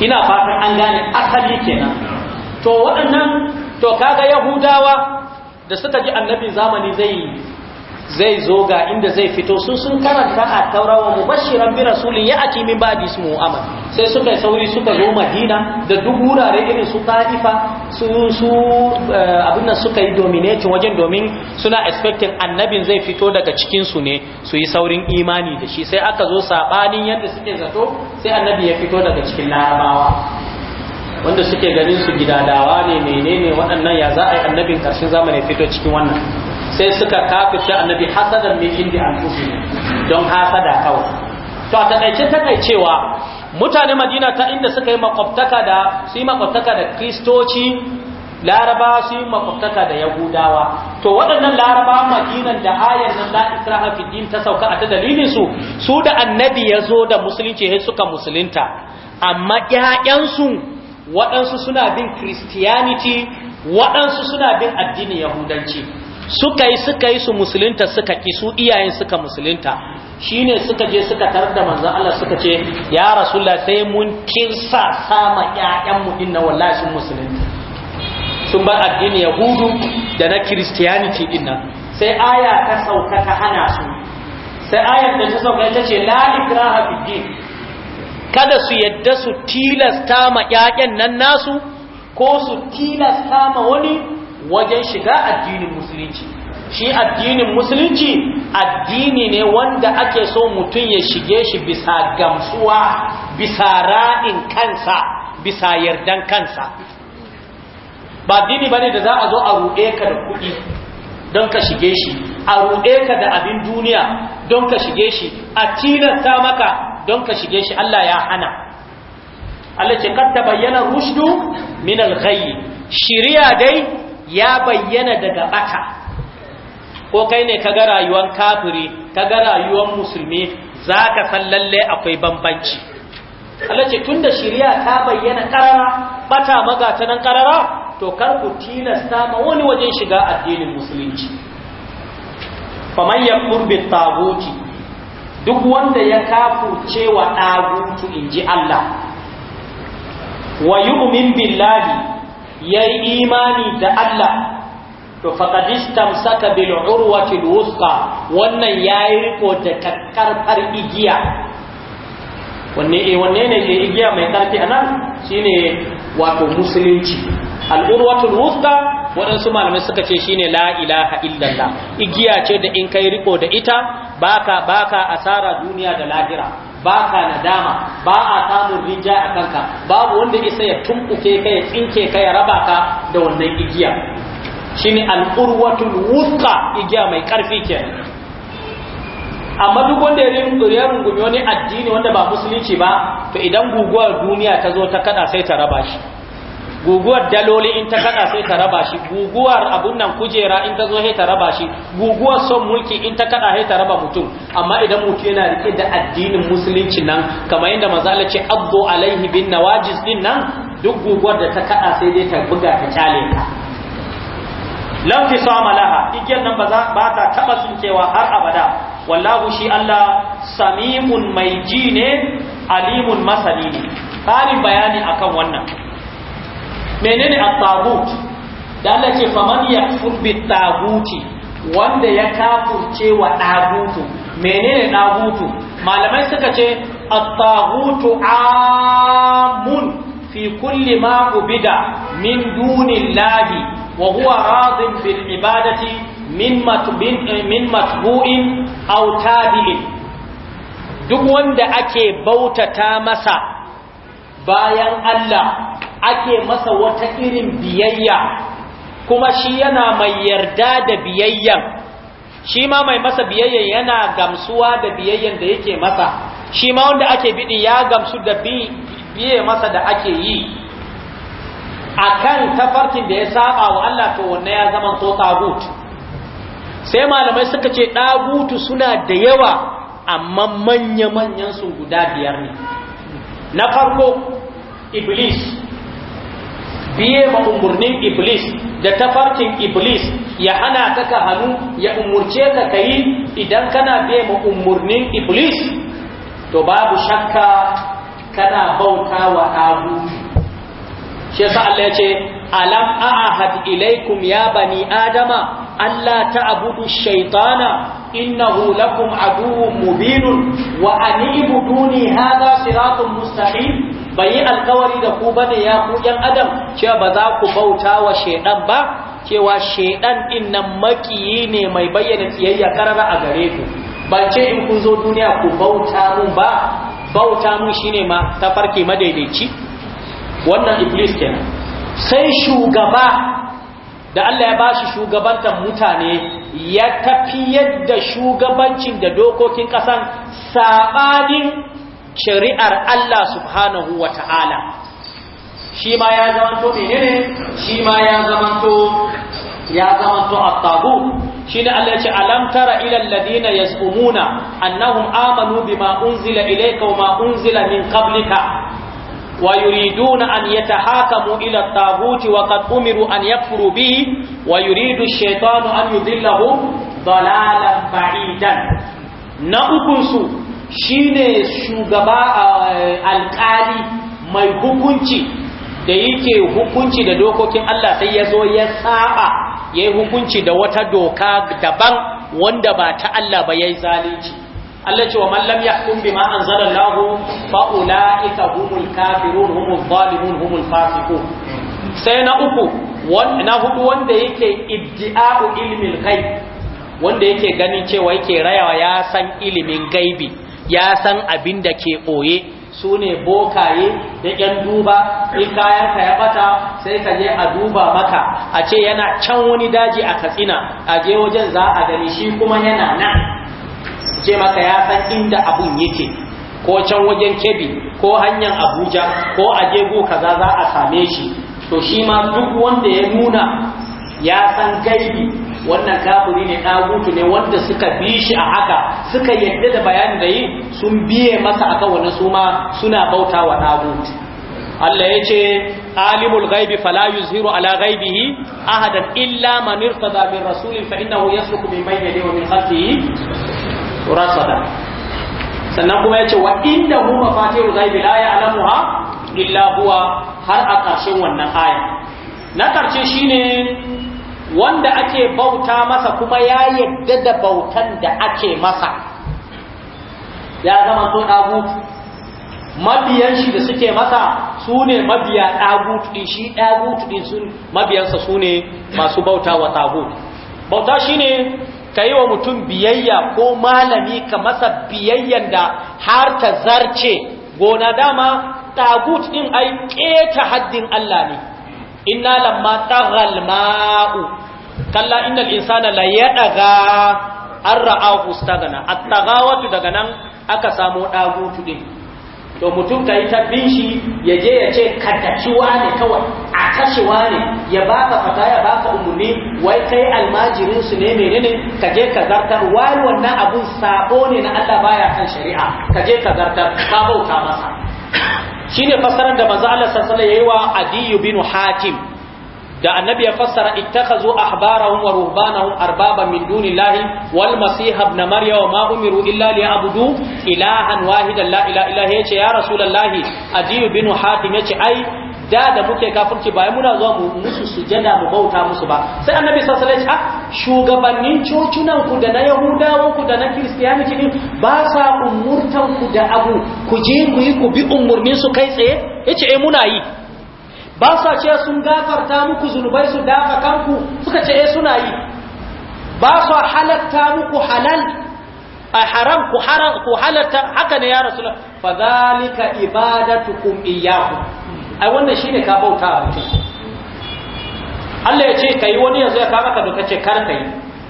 ina fatan an gane asali kenan to waɗannan to kaga yahudawa da suka ji annabi zamani zai zai zo ga inda zai fito su sun karanta a taurawa mubashiran bi rasulin ya'ati min ba'di ismu amadi sai suka yi sauri suka zo madina da duk wurare irin su ta'ifa su su eh, abin nan suka yi dominating wajen domin suna expecting annabin zai fito daga cikin su ne su yi saurin imani da shi sai aka zo sabanin yadda suke zato sai annabi ya fito daga cikin larabawa wanda suke ganin su gidadawa ne menene waɗannan ya za a yi annabin karshen zamani fito cikin wannan sai suka shi annabi hasadan min indi an don hasada kawai to a takaice takaicewa mutane madina ta inda suka yi makwabtaka da su yi makwabtaka da kristoci laraba su yi makwabtaka da yahudawa to waɗannan laraba madinan da ayar nan la ikraha ta sauka a ta dalilin su su da annabi ya zo da musulunci ya suka musulunta amma ƴaƴansu waɗansu suna bin christianity waɗansu suna bin addinin yahudanci suka yi suka yi su musulunta suka ki su iyayen suka musulunta shine suka je suka tarar da manzon Allah suka ce ya rasulullah sai mun kirsa sama ƴaƴan mu inna wallahi sun musulunta sun bar addini yahudu da na christianity din nan sai aya ta sauka ta hana su sai aya da ta sauka ta ce la ikraha fid kada su yadda su tilasta ma ƴaƴan nan nasu ko su tilasta ma wani wajen shiga addinin musulunci shi addinin musulunci addini ne wanda ake so mutum ya shige shi bisa gamsuwa bisa ra'in kansa bisa yardan kansa ba addini bane da za a zo a ruɗe ka da kuɗi don ka shige shi a ruɗe ka da abin duniya don ka shige shi a tilasta maka don ka shige shi Allah ya hana Allah ce kad bayyana rushdu min al-ghayy shiriya dai ya bayyana daga baka ko kai ne ka ga rayuwar kafiri ka ga rayuwar musulmi za ka san lalle akwai bambanci Allah ce da shari'a ta bayyana karara bata magata ta nan karara to kar ku tilasta ma wani wajen shiga addinin musulunci faman yakfur bi taguti duk wanda ya cewa wa tagutu inji Allah wa yu'min billahi yayi imani da Allah to faƙadistan saka bil'urwacin wuska wannan ya riko da kakkarfar igiya eh, wanne ne ke igiya mai karfi a nan shi ne wato musulunci al'urwacin wuska waɗansu malamai suka ce shine ne ilaha illallah igiya ce da in kai riko da ita baka baka asara duniya da lahira ba ka nadama ba a samun rija a kanka babu wanda isa ya tumbuke ka ya tsinke ka ya raba ka da wannan igiya shine al'urwatul wuthqa igiya mai karfi kenan amma duk wanda ya rungumi wani addini wanda ba musulunci ba to idan guguwar duniya ta zo ta kada sai ta raba shi guguwar daloli in ta kada sai ta raba shi guguwar abun nan kujera in ta zo sai ta raba shi guguwar son mulki in ta kada sai ta raba mutum amma idan mutum yana rike da addinin musulunci nan kamar yadda manzo ce abdu alaihi bin nawajis din nan duk guguwar da ta kada sai dai ta buga ta kyale ka lauki sama igiyar nan ba ta taba sunkewa har abada wallahu shi Allah samimun mai ji ne alimun masani ne bayani akan wannan menene at-tagut da Allah ce faman yakfur bi taguti wanda ya kafurce wa dagutu menene dagutu malamai suka ce at-tagutu amun fi kulli ma ubida min dunillahi wa huwa radin bil ibadati min matbin min matbu'in aw tabi'in duk wanda ake bautata masa bayan Allah ake masa wata irin biyayya kuma shi yana mai yarda da biyayyan shi ma mai masa biyayyan yana gamsuwa da biyayyan da yake masa shi ma wanda ake bidi ya gamsu da biye masa da ake yi a kan tafarkin da ya saba wa Allah to wanne ya zama to tagut sai malamai suka ce ɗagutu suna da yawa amma manya-manyan su guda biyar ne na farko iblis biye ma umurnin iblis da tafarkin iblis ya hana ka ka hannu ya umurce ka idan kana biye ma umurnin iblis to babu shakka kana bauta wa abu shi Allah ya ce alam a'ahad ilaikum ya bani adama Allah ta abudu shaitana. إنه لكم عدو مبين wa'ani اعبدوني هذا صراط مستقيم bai yi alkawari da ku bane ya ku ‘yan adam cewa ba za ku bauta wa shaidan ba cewa shaidan ɗin nan makiyi ne mai bayyana tsiyayya karara a gare ku ba ce in kun zo duniya ku bauta mun ba bauta mun shine ma ta farke madaidaici wannan iblis kenan sai shugaba da Allah ya bashi shugabantar mutane ya tafiyar da shugabancin da dokokin ƙasan saɓanin shari'ar Allah subhanahu wa ta'ala shi ma ya zamanto ne, shi ma ya zamanto ya zamanto attagu shi ne Allah ya ce alam tara ilal ladina yaz'umuna annahum amanu bima unzila ilayka wa ma unzila min qablika Wa'uridu na ambyata haka mu ila sabutu wakar umaru an ya furu biyu. Wa'uridu shaitanu an yi zillahu balalan Na ukunsu shi ne shugaba alƙali mai hukunci da yake hukunci da dokokin Allah sai ya zo ya saɓa yayi hukunci da wata doka daban wanda ba ta Allah ba yayi zalunci Allah ce wa man bi ma'an zarar anzalallahu fa’ula ita humul kafirun humul zalimun humul fasiku. sai na uku na hudu wanda yake iddi'a'u ilimin kai, wanda yake ganin cewa yake rayawa ya san ilimin gaibi ya san abin da ke ɓoye su ne bokaye da ƴan duba in kayanka ya bata sai ka je a duba maka a ce yana can wani daji a katsina a je wajen za a gani shi kuma yana nan ce maka ya san inda abun yake ko can wajen kebi ko hanyar abuja ko a jego kaza za a same shi to shi ma duk wanda ya nuna ya san gaibi wannan kafiri ne ɗagutu ne wanda suka bi shi a haka suka yadda da bayani da yi sun biye masa akan wani suma suna bauta wa ɗagutu Allah ya ce alimul gaibi fala yuzhiru ala gaibihi ahadan illa man irtada min rasulin fa innahu yasluku min bayni yadihi wa min khalfihi rasada sannan kuma yace wa inda hu zai zaibi la ha illa huwa har a ƙarshen wannan aya na ƙarshe shine wanda ake bauta masa kuma ya yadda da bautan da ake masa ya zama to dagu mabiyan shi da suke masa su mabiya dagu din shi dagu din sun mabiyansa sune masu bauta wa tagut bauta shine ka yi wa mutum biyayya ko malami ka masa biyayyan da har ta zarce gona dama tagut ɗin ai keta haddin Allah ne inna lamma taghal ma'u kalla innal insana la yadaga an ra'ahu at-taghawatu daga nan aka samu dagutu din to mutum ka yi tabbin shi ya je ya ce ka ne kawai a kashewa ne ya baka fata ya baka umarni wai kai almajirin su ne menene ka je ka zartar wai wannan abun sabo ne na Allah baya kan shari'a ka je ka zartar ka bauta masa Shi ne fasarar da manzo Allah ya yi wa Adi binu Hatim da annabi ya fassara ittakhazu ahbarahum wa ruhbanahum arbaba min dunillahi wal masih ibn maryam wa ma umiru illa liya'budu ilahan wahidan la ilaha illa huwa yace ya rasulullahi ajiyu bin hatim yace ai da da muke kafirci ba muna zuwa mu musu sujada mu bauta musu ba sai annabi sallallahu alaihi wasallam ah, shugabannin cocunan ku da na yahuda ku da na kristiyaniti ne ba sa umurtan ku da abu ku je ku yi ku bi umurnin su kai tsaye yace eh muna yi ba sa ce sun gafarta muku zunubai su dafa kanku suka ce eh suna yi ba sa halatta muku halal a haram ku haram ku halatta haka ne ya za fa zalika ibadatukum iyyahu ai wannan shine ka bauta a mutum Allah ya ce kai wani yanzu ya kama ka doka ce kar kai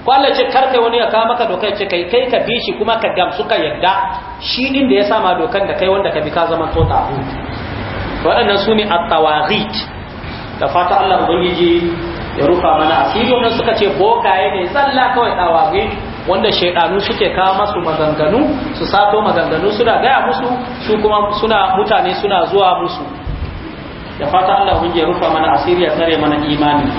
ko Allah ya ce kar kai wani ya kama ka doka ce kai kai ka bi shi kuma ka gamsu ka yadda shi din da ya sa ma dokan da kai wanda ka bi ka zama tota waɗannan su ne a tawarit da fata Allah Ubangiji ya rufa mana asiri wannan suka ce bokaye ne tsalla kawai tawagit wanda shaidanu suke kawo masu maganganu su sato maganganu suna gaya musu su kuma suna mutane suna zuwa musu da fata Allah Ubangiji ya rufa mana asiri ya tsare mana imani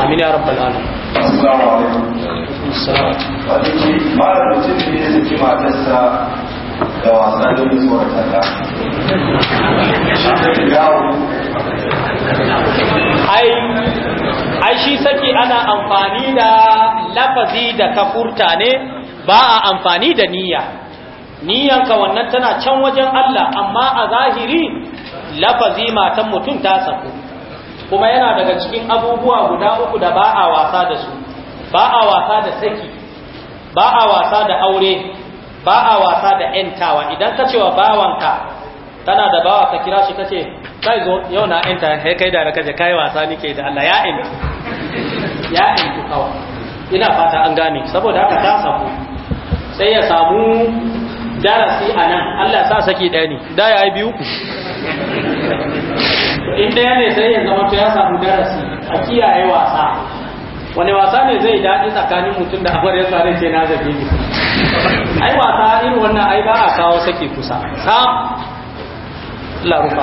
amin ya rabbal alamin assalamu alaikum assalamu alaikum mutum ne da ai shi saki ana amfani da lafazi da ka furta ne ba a amfani da niyya niyyanka wannan tana can wajen Allah amma a zahiri lafazi matan mutum ta sako, kuma yana daga cikin abubuwa guda uku da ba a wasa da su ba a wasa da saki ba a wasa da aure ba a wasa da ‘yantawa idan ka cewa bawanka tana da bawa ka kira shi ka ce kai zo yau na ‘yanta ya kai da kaje kai wasa nike da Allah ya ‘yantu ina fata an gane saboda haka ta samu sai ya samu darasi a nan Allah sa saki ɗaya ne da ya yi biyu in ɗaya ne sai ya zama ta ya samu darasi a kiyaye wasa wani wasa ne zai daɗi tsakanin mutum da amarya sa rai ce na zabe ni ai wasa irin wannan ai ba a kawo sake kusa sam Allah rufa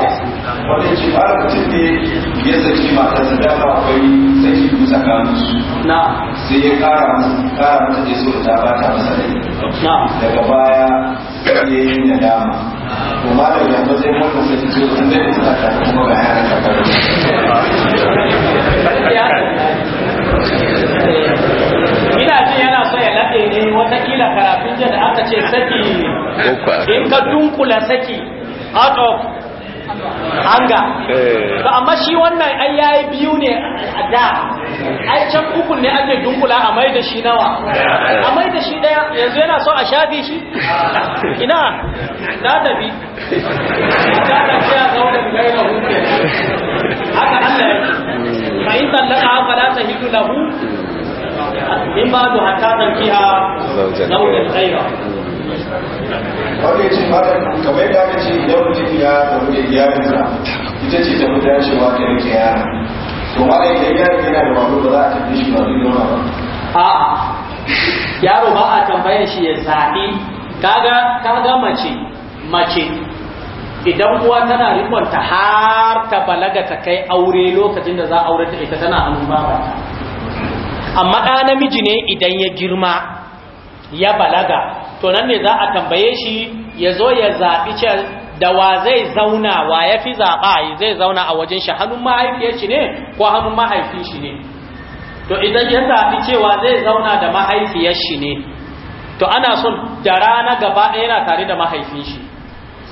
wani shi ba da mutum ne ya saki matarsa da ba akwai saki kusa kanu na sai ya kara kara mata da so ta ba ta masa rai na daga baya ya yi nadama to da ya ba zai mutu saki so tun da ya tsaka kuma ga yaran ka ya ina yana so ya laɗe ne watakila karafin jiya da aka ce saki in ka dunkula saki out of hanga eh. to amma shi wannan ai yayi biyu ne da ai can uku ne ake dunkula a mai da shi nawa a mai da shi daya yanzu yana so a shafi shi ina da tafi da tafi ya zaune da gaira hunde? haka Allah ya fa in sallaka fala tahidu lahu in ba du hatta tankiha zawjan ghayra wanda ce malam kamar da aka ce idan mutum ya zaune da iyalinsa ita ce ta mutum cewa ta rike yara to malam idan yaro yana da babu ba za a tafi shi ba zai zauna ba a yaro ba a tambaye shi ya zaɓi kaga mace mace idan uwa tana rikonta har ta balaga ta kai aure lokacin da za a aure ta ita tana hannun ba amma ɗa namiji ne idan ya girma ya balaga to nan ne za a tambaye shi ya zo ya zaɓi ce da wa zai zauna wa ya fi zaɓa zai zauna a wajen shi hannun mahaifiyar shi ne ko hannun mahaifin shi ne to idan ya zaɓi cewa zai zauna da mahaifiyar shi ne to ana son da rana gaba ɗaya yana tare da mahaifin shi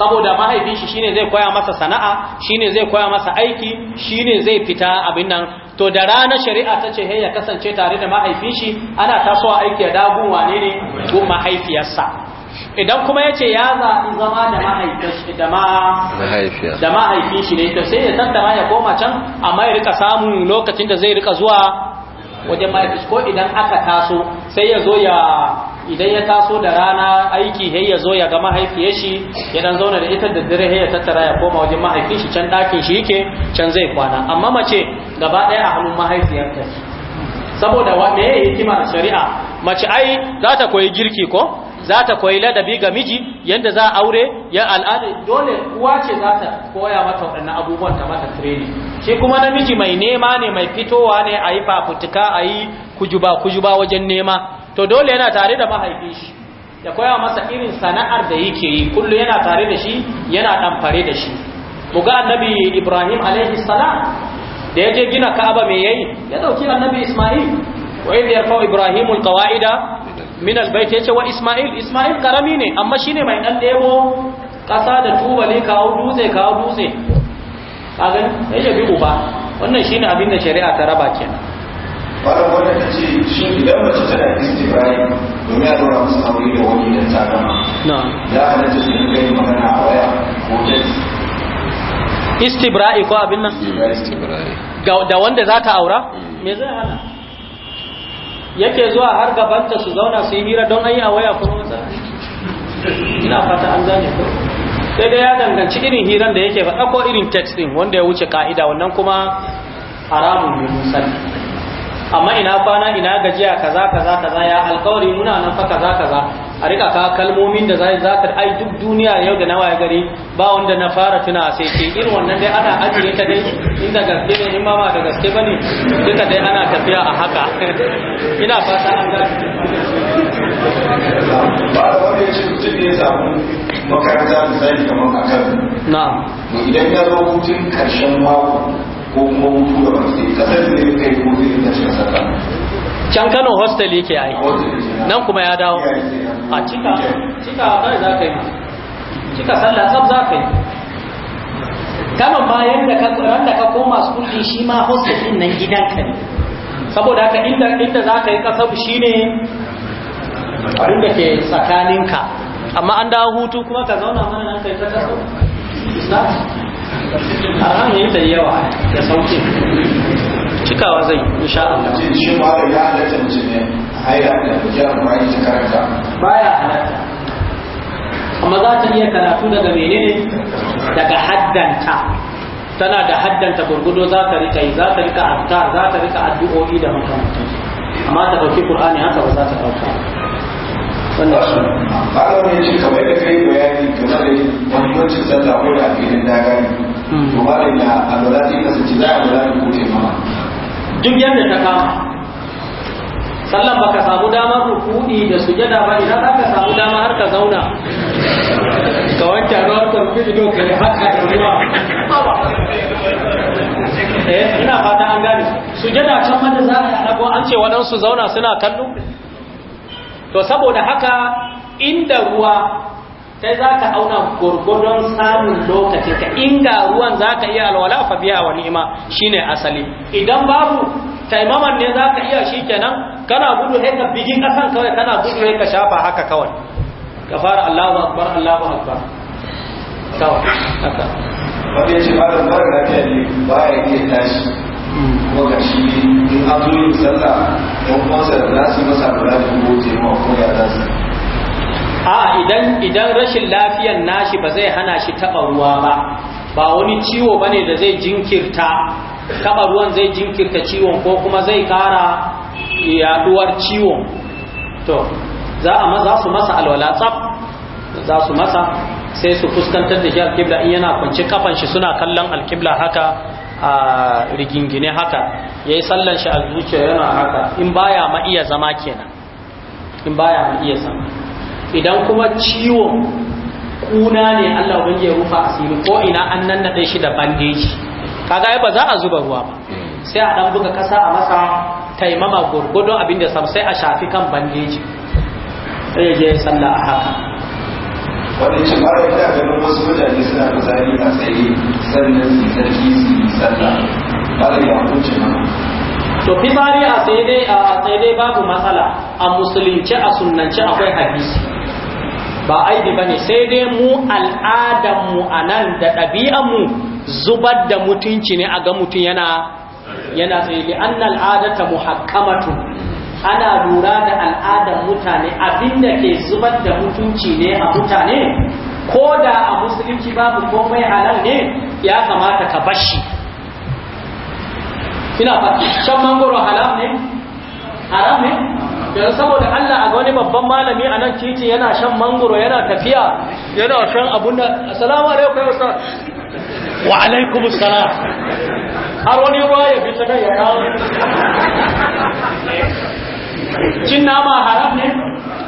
saboda mahaifin shi shine zai koya masa sana'a shine zai koya masa aiki shine zai fita abin nan to da ranar shari'a ta ce ya kasance tare da mahaifin shi ana tasowa aiki da gun wane ne gun mahaifiyarsa idan kuma yace ya zaɓi zama da mahaifin shi da mahaifin shi ne to sai ya tattara ya koma can amma ya rika samun lokacin da zai rika zuwa wajen mahaifin ko idan aka taso sai ya zo ya idan ya taso da rana aiki sai ya zo ya ga mahaifiyar shi ya dan zauna da ita da dare sai ya tattara ya koma wajen mahaifin shi can dakin shi yake can zai kwana amma mace gaba ɗaya a hannun mahaifiyar ta saboda me ya yi da shari'a mace ai za ta koyi girki ko za ta koyi ladabi ga miji yadda za aure ya al'ada dole uwa ce za ta koya mata wadannan abubuwan ta mata training shi kuma namiji mai nema ne mai fitowa ne a yi fafutuka a yi kujuba kujuba wajen nema to dole yana tare da mahaifin shi ya koya masa irin sana'ar da yake yi kullu yana tare da shi yana ɗamfare da shi muga annabi ibrahim alaihi salam da ya je gina ka'aba mai yayi ya dauki annabi isma'il wa idh yarfa'u ibrahimul qawa'ida min albayt yace wa isma'il isma'il karami ne amma shine mai dan debo kasa da tubali kawo dutse kawo dutse kaga yace bi uba wannan shine abin da shari'a ta raba kenan bayan wanda ta ce shi idan mace tana istibrayi domin a zama musu aure da wani idan ta gama ya halatta su rinka yin magana a waya ko text istibra'i ko abin nan mm, da wanda za ta aura mm. me zai hana yake zuwa har gabanta su zauna su yi hira don ayi a waya kuma wasa ina fata an zane ko sai dai ya danganci irin hiran da yake faɗa ko irin text din wanda ya wuce ka'ida wannan kuma haramun ne musamman amma ina kwana ina gajiya kaza kaza kaza ya alkawari muna nan fa kaza kaza a rika ka kalmomin da zai zaka ai duk duniya yau da nawa ya gari ba wanda na fara tuna sai ke irin wannan dai ana ajiye ta dai inda gaske ne in ma ba da gaske bane duka dai ana tafiya a haka ina fata an ga ba da wani ya ce mutum ne ya samu makaranta misali kamar akan na idan ya zo hutun karshen mako ko kuma mutu da wasu kasar da ya kai ko zai tashi sallah can kano hostel yake ai nan kuma ya dawo a cika cika a kai za ka yi cika sallah sab za ka yi kano ma yadda ka da ka koma school din shi ma hostel din nan ka ne saboda ka inda inda za ka yi kasar shine abin da ke tsakaninka amma an dawo hutu kuma ka zauna mana nan kai ta kasar haramun ne yawa da sauki cikawa zai insha Allah shi ma da ya halatta mutum ne da ta karanta baya halatta amma za ta iya karatu daga menene daga haddanta tana da haddanta gurgudo za ta rika yi za ta rika azkar za ta rika addu'o'i da makamantansu amma ta dauki qur'ani haka ba za ta dauka wannan shi ba da wani shi kamar da kai bayani game da mahimmancin sallah ko da filin da gani to hmm. ba da ina alwala ta ina sace za a alwala ko te ma duk yadda ta kama sallan baka samu damar rukudi da sujada ba idan za ka samu dama har ka zauna ka wanke ruwan kwamfi ido ka yi haka da ruwa eh ina fata an gane sujada can wanda za a yi an ce waɗansu zauna suna kallo to saboda haka inda ruwa sai za ka auna gurgudon samun lokaci ka inda ruwan za ka iya alwala fa biya wa ni'ima ne asali idan babu taimaman ne za ka iya shi kenan kana gudu sai ka bigin kasan kawai kana gudu sai ka shafa haka kawai ka fara Allahu akbar Allahu akbar kawai haka wanda ya ce ba da ba ya tashi hmm. kuma in an zo yin sallah yan da za su masa da rajin ko ma ko ya za su a idan idan rashin lafiyan nashi ba zai hana shi taɓa ruwa ba ba wani ciwo bane da zai jinkirta taɓa ruwan zai jinkirta ciwon ko kuma zai kara yaduwar ciwon to za a su masa alwala tsaf za su masa sai su fuskantar da shi alkibla in yana kwanci kafan shi suna kallon alkibla haka a rigingine haka ya yi sallan shi a zuciya yana haka in baya ma iya zama kenan in baya ma iya zama idan kuma ciwon kuna ne Allah ubangi ya rufa asiri ko ina an nan nannaɗe shi da bandeji kaga ba za a zuba ruwa ba sai a ɗan buga kasa a masa taimama gurgudun abin da sam sai a shafi kan bandeji sai ya je sallah a haka wani ce mara wasu mutane suna a tsaye sannan su sarki su yi ba da nan. to fitari a tsaye dai a tsaye dai babu matsala a musulunci a sunnance akwai hadisi ba aibi bane sai dai mu al'adan mu nan da ɗabi'an mu zubar da mutunci ne a ga mutum yana yana tsaye li annal adata muhakkamatun ana lura da al'adar mutane abinda ke zubar da mutunci ne a mutane ko da a musulunci babu komai halar ne ya kamata ka bashi ina faɗi can mangoro halal ne haram ne yanzu saboda Allah a wani babban malami a nan titi yana shan mangoro yana tafiya yana shan abun da assalamu alaikum wa alaikum assalam har wani ruwa ya bi ta kai ya kawo cin nama haram ne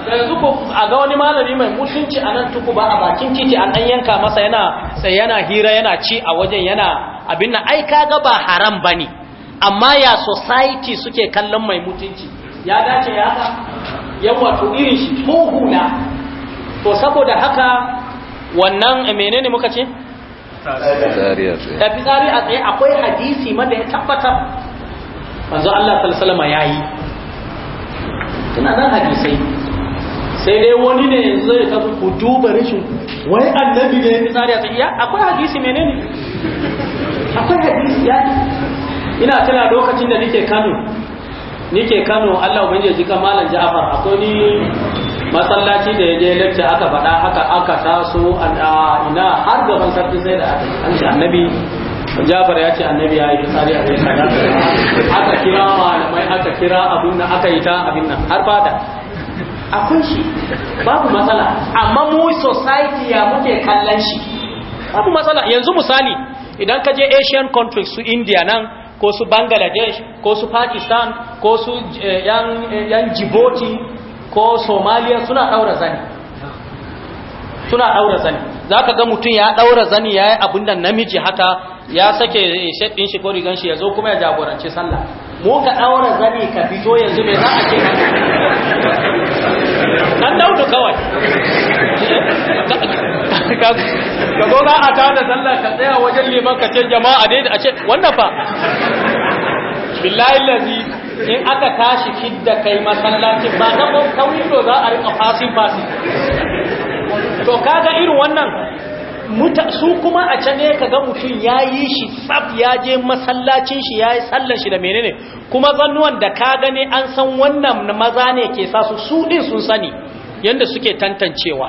da yanzu ku a ga wani malami mai mutunci a nan tuku ba a bakin titi an ɗan yanka masa yana sai yana hira yana ci a wajen yana abin nan ai kaga ba haram ba ne amma ya society suke kallon mai mutunci ya dace ya haka yawa to irin shi ko hula to saboda haka wannan eh, menene muka ce? tafi tsari a tsaye akwai hadisi mada ya tabbatar manzo Allah sallallahu alaihi wasallam yayi suna nan hadisai sai dai wani ne yanzu ya tafi ku duba rashin wai annabi ne ya tsari a tsakiya akwai hadisi menene akwai hadisi ya ina tana lokacin da nike kano nike kano allah ubangiji ji kamalan ja'afar akwai ni masallaci da ya je lecce aka faɗa aka aka taso a ina har gaban sarki sai da aka annabi Jafar ya ce annabi ya yi fitsari a kai kada aka kira malamai aka kira abin nan aka yi ta abin nan har fada akwai shi babu matsala amma mu society ya muke kallon shi babu matsala yanzu misali idan ka je asian countries su india nan ko su bangladesh ko su pakistan ko su eh, eh, yan djibouti ko somalia suna daura zani suna daura zani za ka ga mutum ya ɗaura zani ya yi abin da namiji haka ya sake shaɗin shi ko rigan shi ya zo kuma ya jagoranci sallah mu ka ɗaura zani ka fito yanzu mai za a ke an daudu kawai ka zo za a tada sallah ka tsaya wajen liman ka ce jama'a dai a ce wannan fa billahi lazi in aka tashi fidda kai masallacin ba na kawai za a rika fasin fasin to kaga irin wannan su kuma a can ne kaga mutum yayi shi tsab ya je masallacin shi yayi yi sallan shi da menene kuma zannuwan da ka gane an san wannan maza ne ke sa su su din sun sani yanda suke tantancewa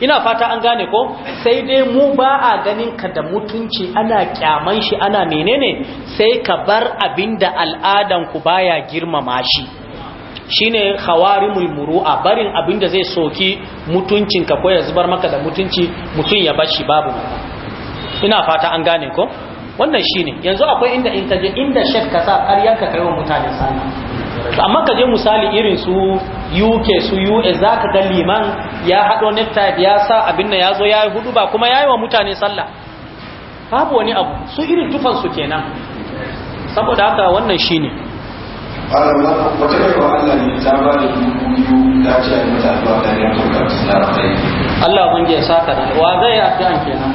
ina fata an gane ko sai dai mu ba a ganin ka da mutunci ana kyaman shi ana menene sai ka bar abinda al'adan ku baya girmama shi shine khawarimul muru'a barin abin da zai soki mutuncinka ko ya zubar maka da mutunci mutum ya bashi babu ina fata an gane ko wannan shine yanzu akwai inda in kaje inda shek ka sa ƙaryar ka kaiwa mutane To amma ka je misali irin su UK su US zaka ga liman ya hado necktie ya sa abin nan yazo yayi hudu ba kuma yayi wa mutane sallah babu wani abu su irin tufan su kenan saboda haka wannan shine ƙwararwa wata baiwa Allah ne ta ba da dubu biyu ta ce a mata addu'a da ya tuka ta tsaye Allah mun ya saka da wa zai addu'an kenan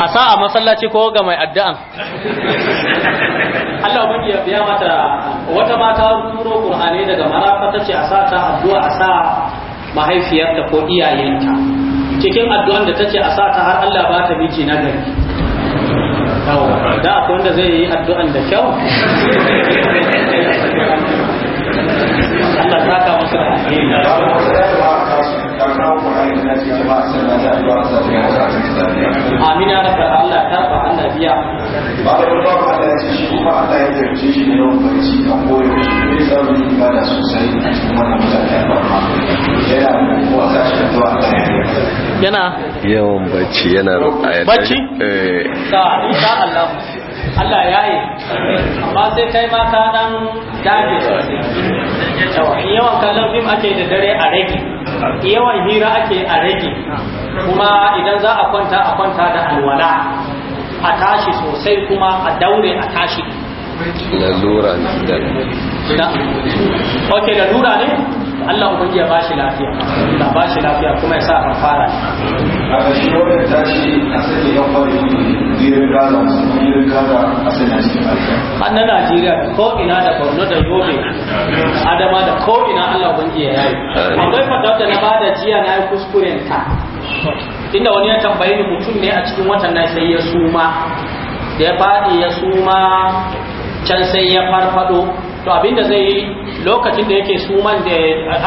a sa a masallaci ko ga mai addu'an Allah mun ya biya mata wata mata turo Qur'ani daga marafa ce a sa ta addu'a a sa mahaifiyarta ko iyayenta cikin addu'an da ta ce a sa ta har Allah ba ta miji na gari da akwai wanda zai yi addu'an da kyau Allah ta ka masa Amina na ka Allah ta ba Allah biya. Ba da wani ba da yake shi kuma Allah ya jarce shi ne yawan barci a koyo shi ne samun ibada sosai kuma na mutane ba. Yana kuma sa shi da yana yawan bacci yana ruƙayar bacci? ta eh. insha Allah Allah ya yi amma sai kai ma ka dan dage sosai yawan kallon fim ake da dare a rage yawan hira ake a rage kuma idan za a kwanta a kwanta da alwala a tashi sosai kuma a daure a tashi lalura ne da ok lalura ne Allah ubangi ya bashi lafiya da bashi lafiya kuma ya sa a fara a ƙarshe wanda ta ce a sanya yan fari zirin gaza zirin gaza a sanya cikin alfiya an na najeriya ko ina da borno da yobe adama da ko ina Allah ubangi ya yayi akwai fadar da na ba da jiya na yi kuskuren ta inda wani ya tambaye ni mutum ne a cikin watan na sai ya suma da ya faɗi ya suma can sai ya farfado to abin da zai yi lokacin da yake suman da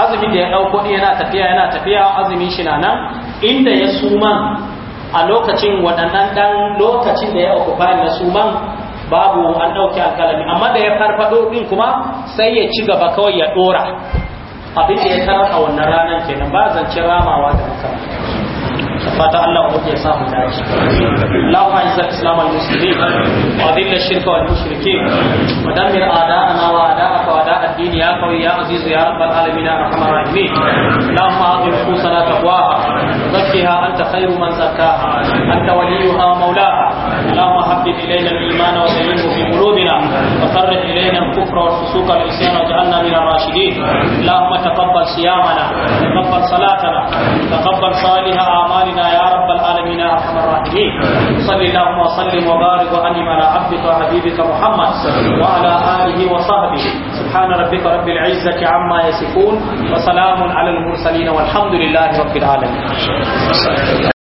azumin da ya dauko din yana tafiya yana tafiya azumin shi na nan inda ya suman a lokacin waɗannan dan lokacin da ya occupy na suman babu an dauke alkalami amma da ya farfado din kuma sai ya ci gaba kawai ya dora abin da ya tarar a wannan ranar kenan ba zance ramawa da makaranta fata Allah ko ya samu dace Allahu azzal islam al muslimin wa adilla shirka wal mushrikin wa damir a'da'ana wa a'da'aka wa da'a ad-din ya qawi ya aziz ya rabbal alamin ya arhamar rahimin Allahumma aqim nufusana taqwaha zakkiha anta khayru man zakkaha anta waliyuha mawlaha اللهم حبب الينا الايمان وزينه في قلوبنا وكره الينا الكفر والفسوق والعصيان واجعلنا من الراشدين اللهم تقبل صيامنا تقبل صلاتنا تقبل صالح اعمالنا الراحمين صل اللهم وسلم وبارك وانعم على عبدك وحبيبك محمد وعلى اله وصحبه سبحان ربك رب العزه عما يصفون وسلام على المرسلين والحمد لله رب العالمين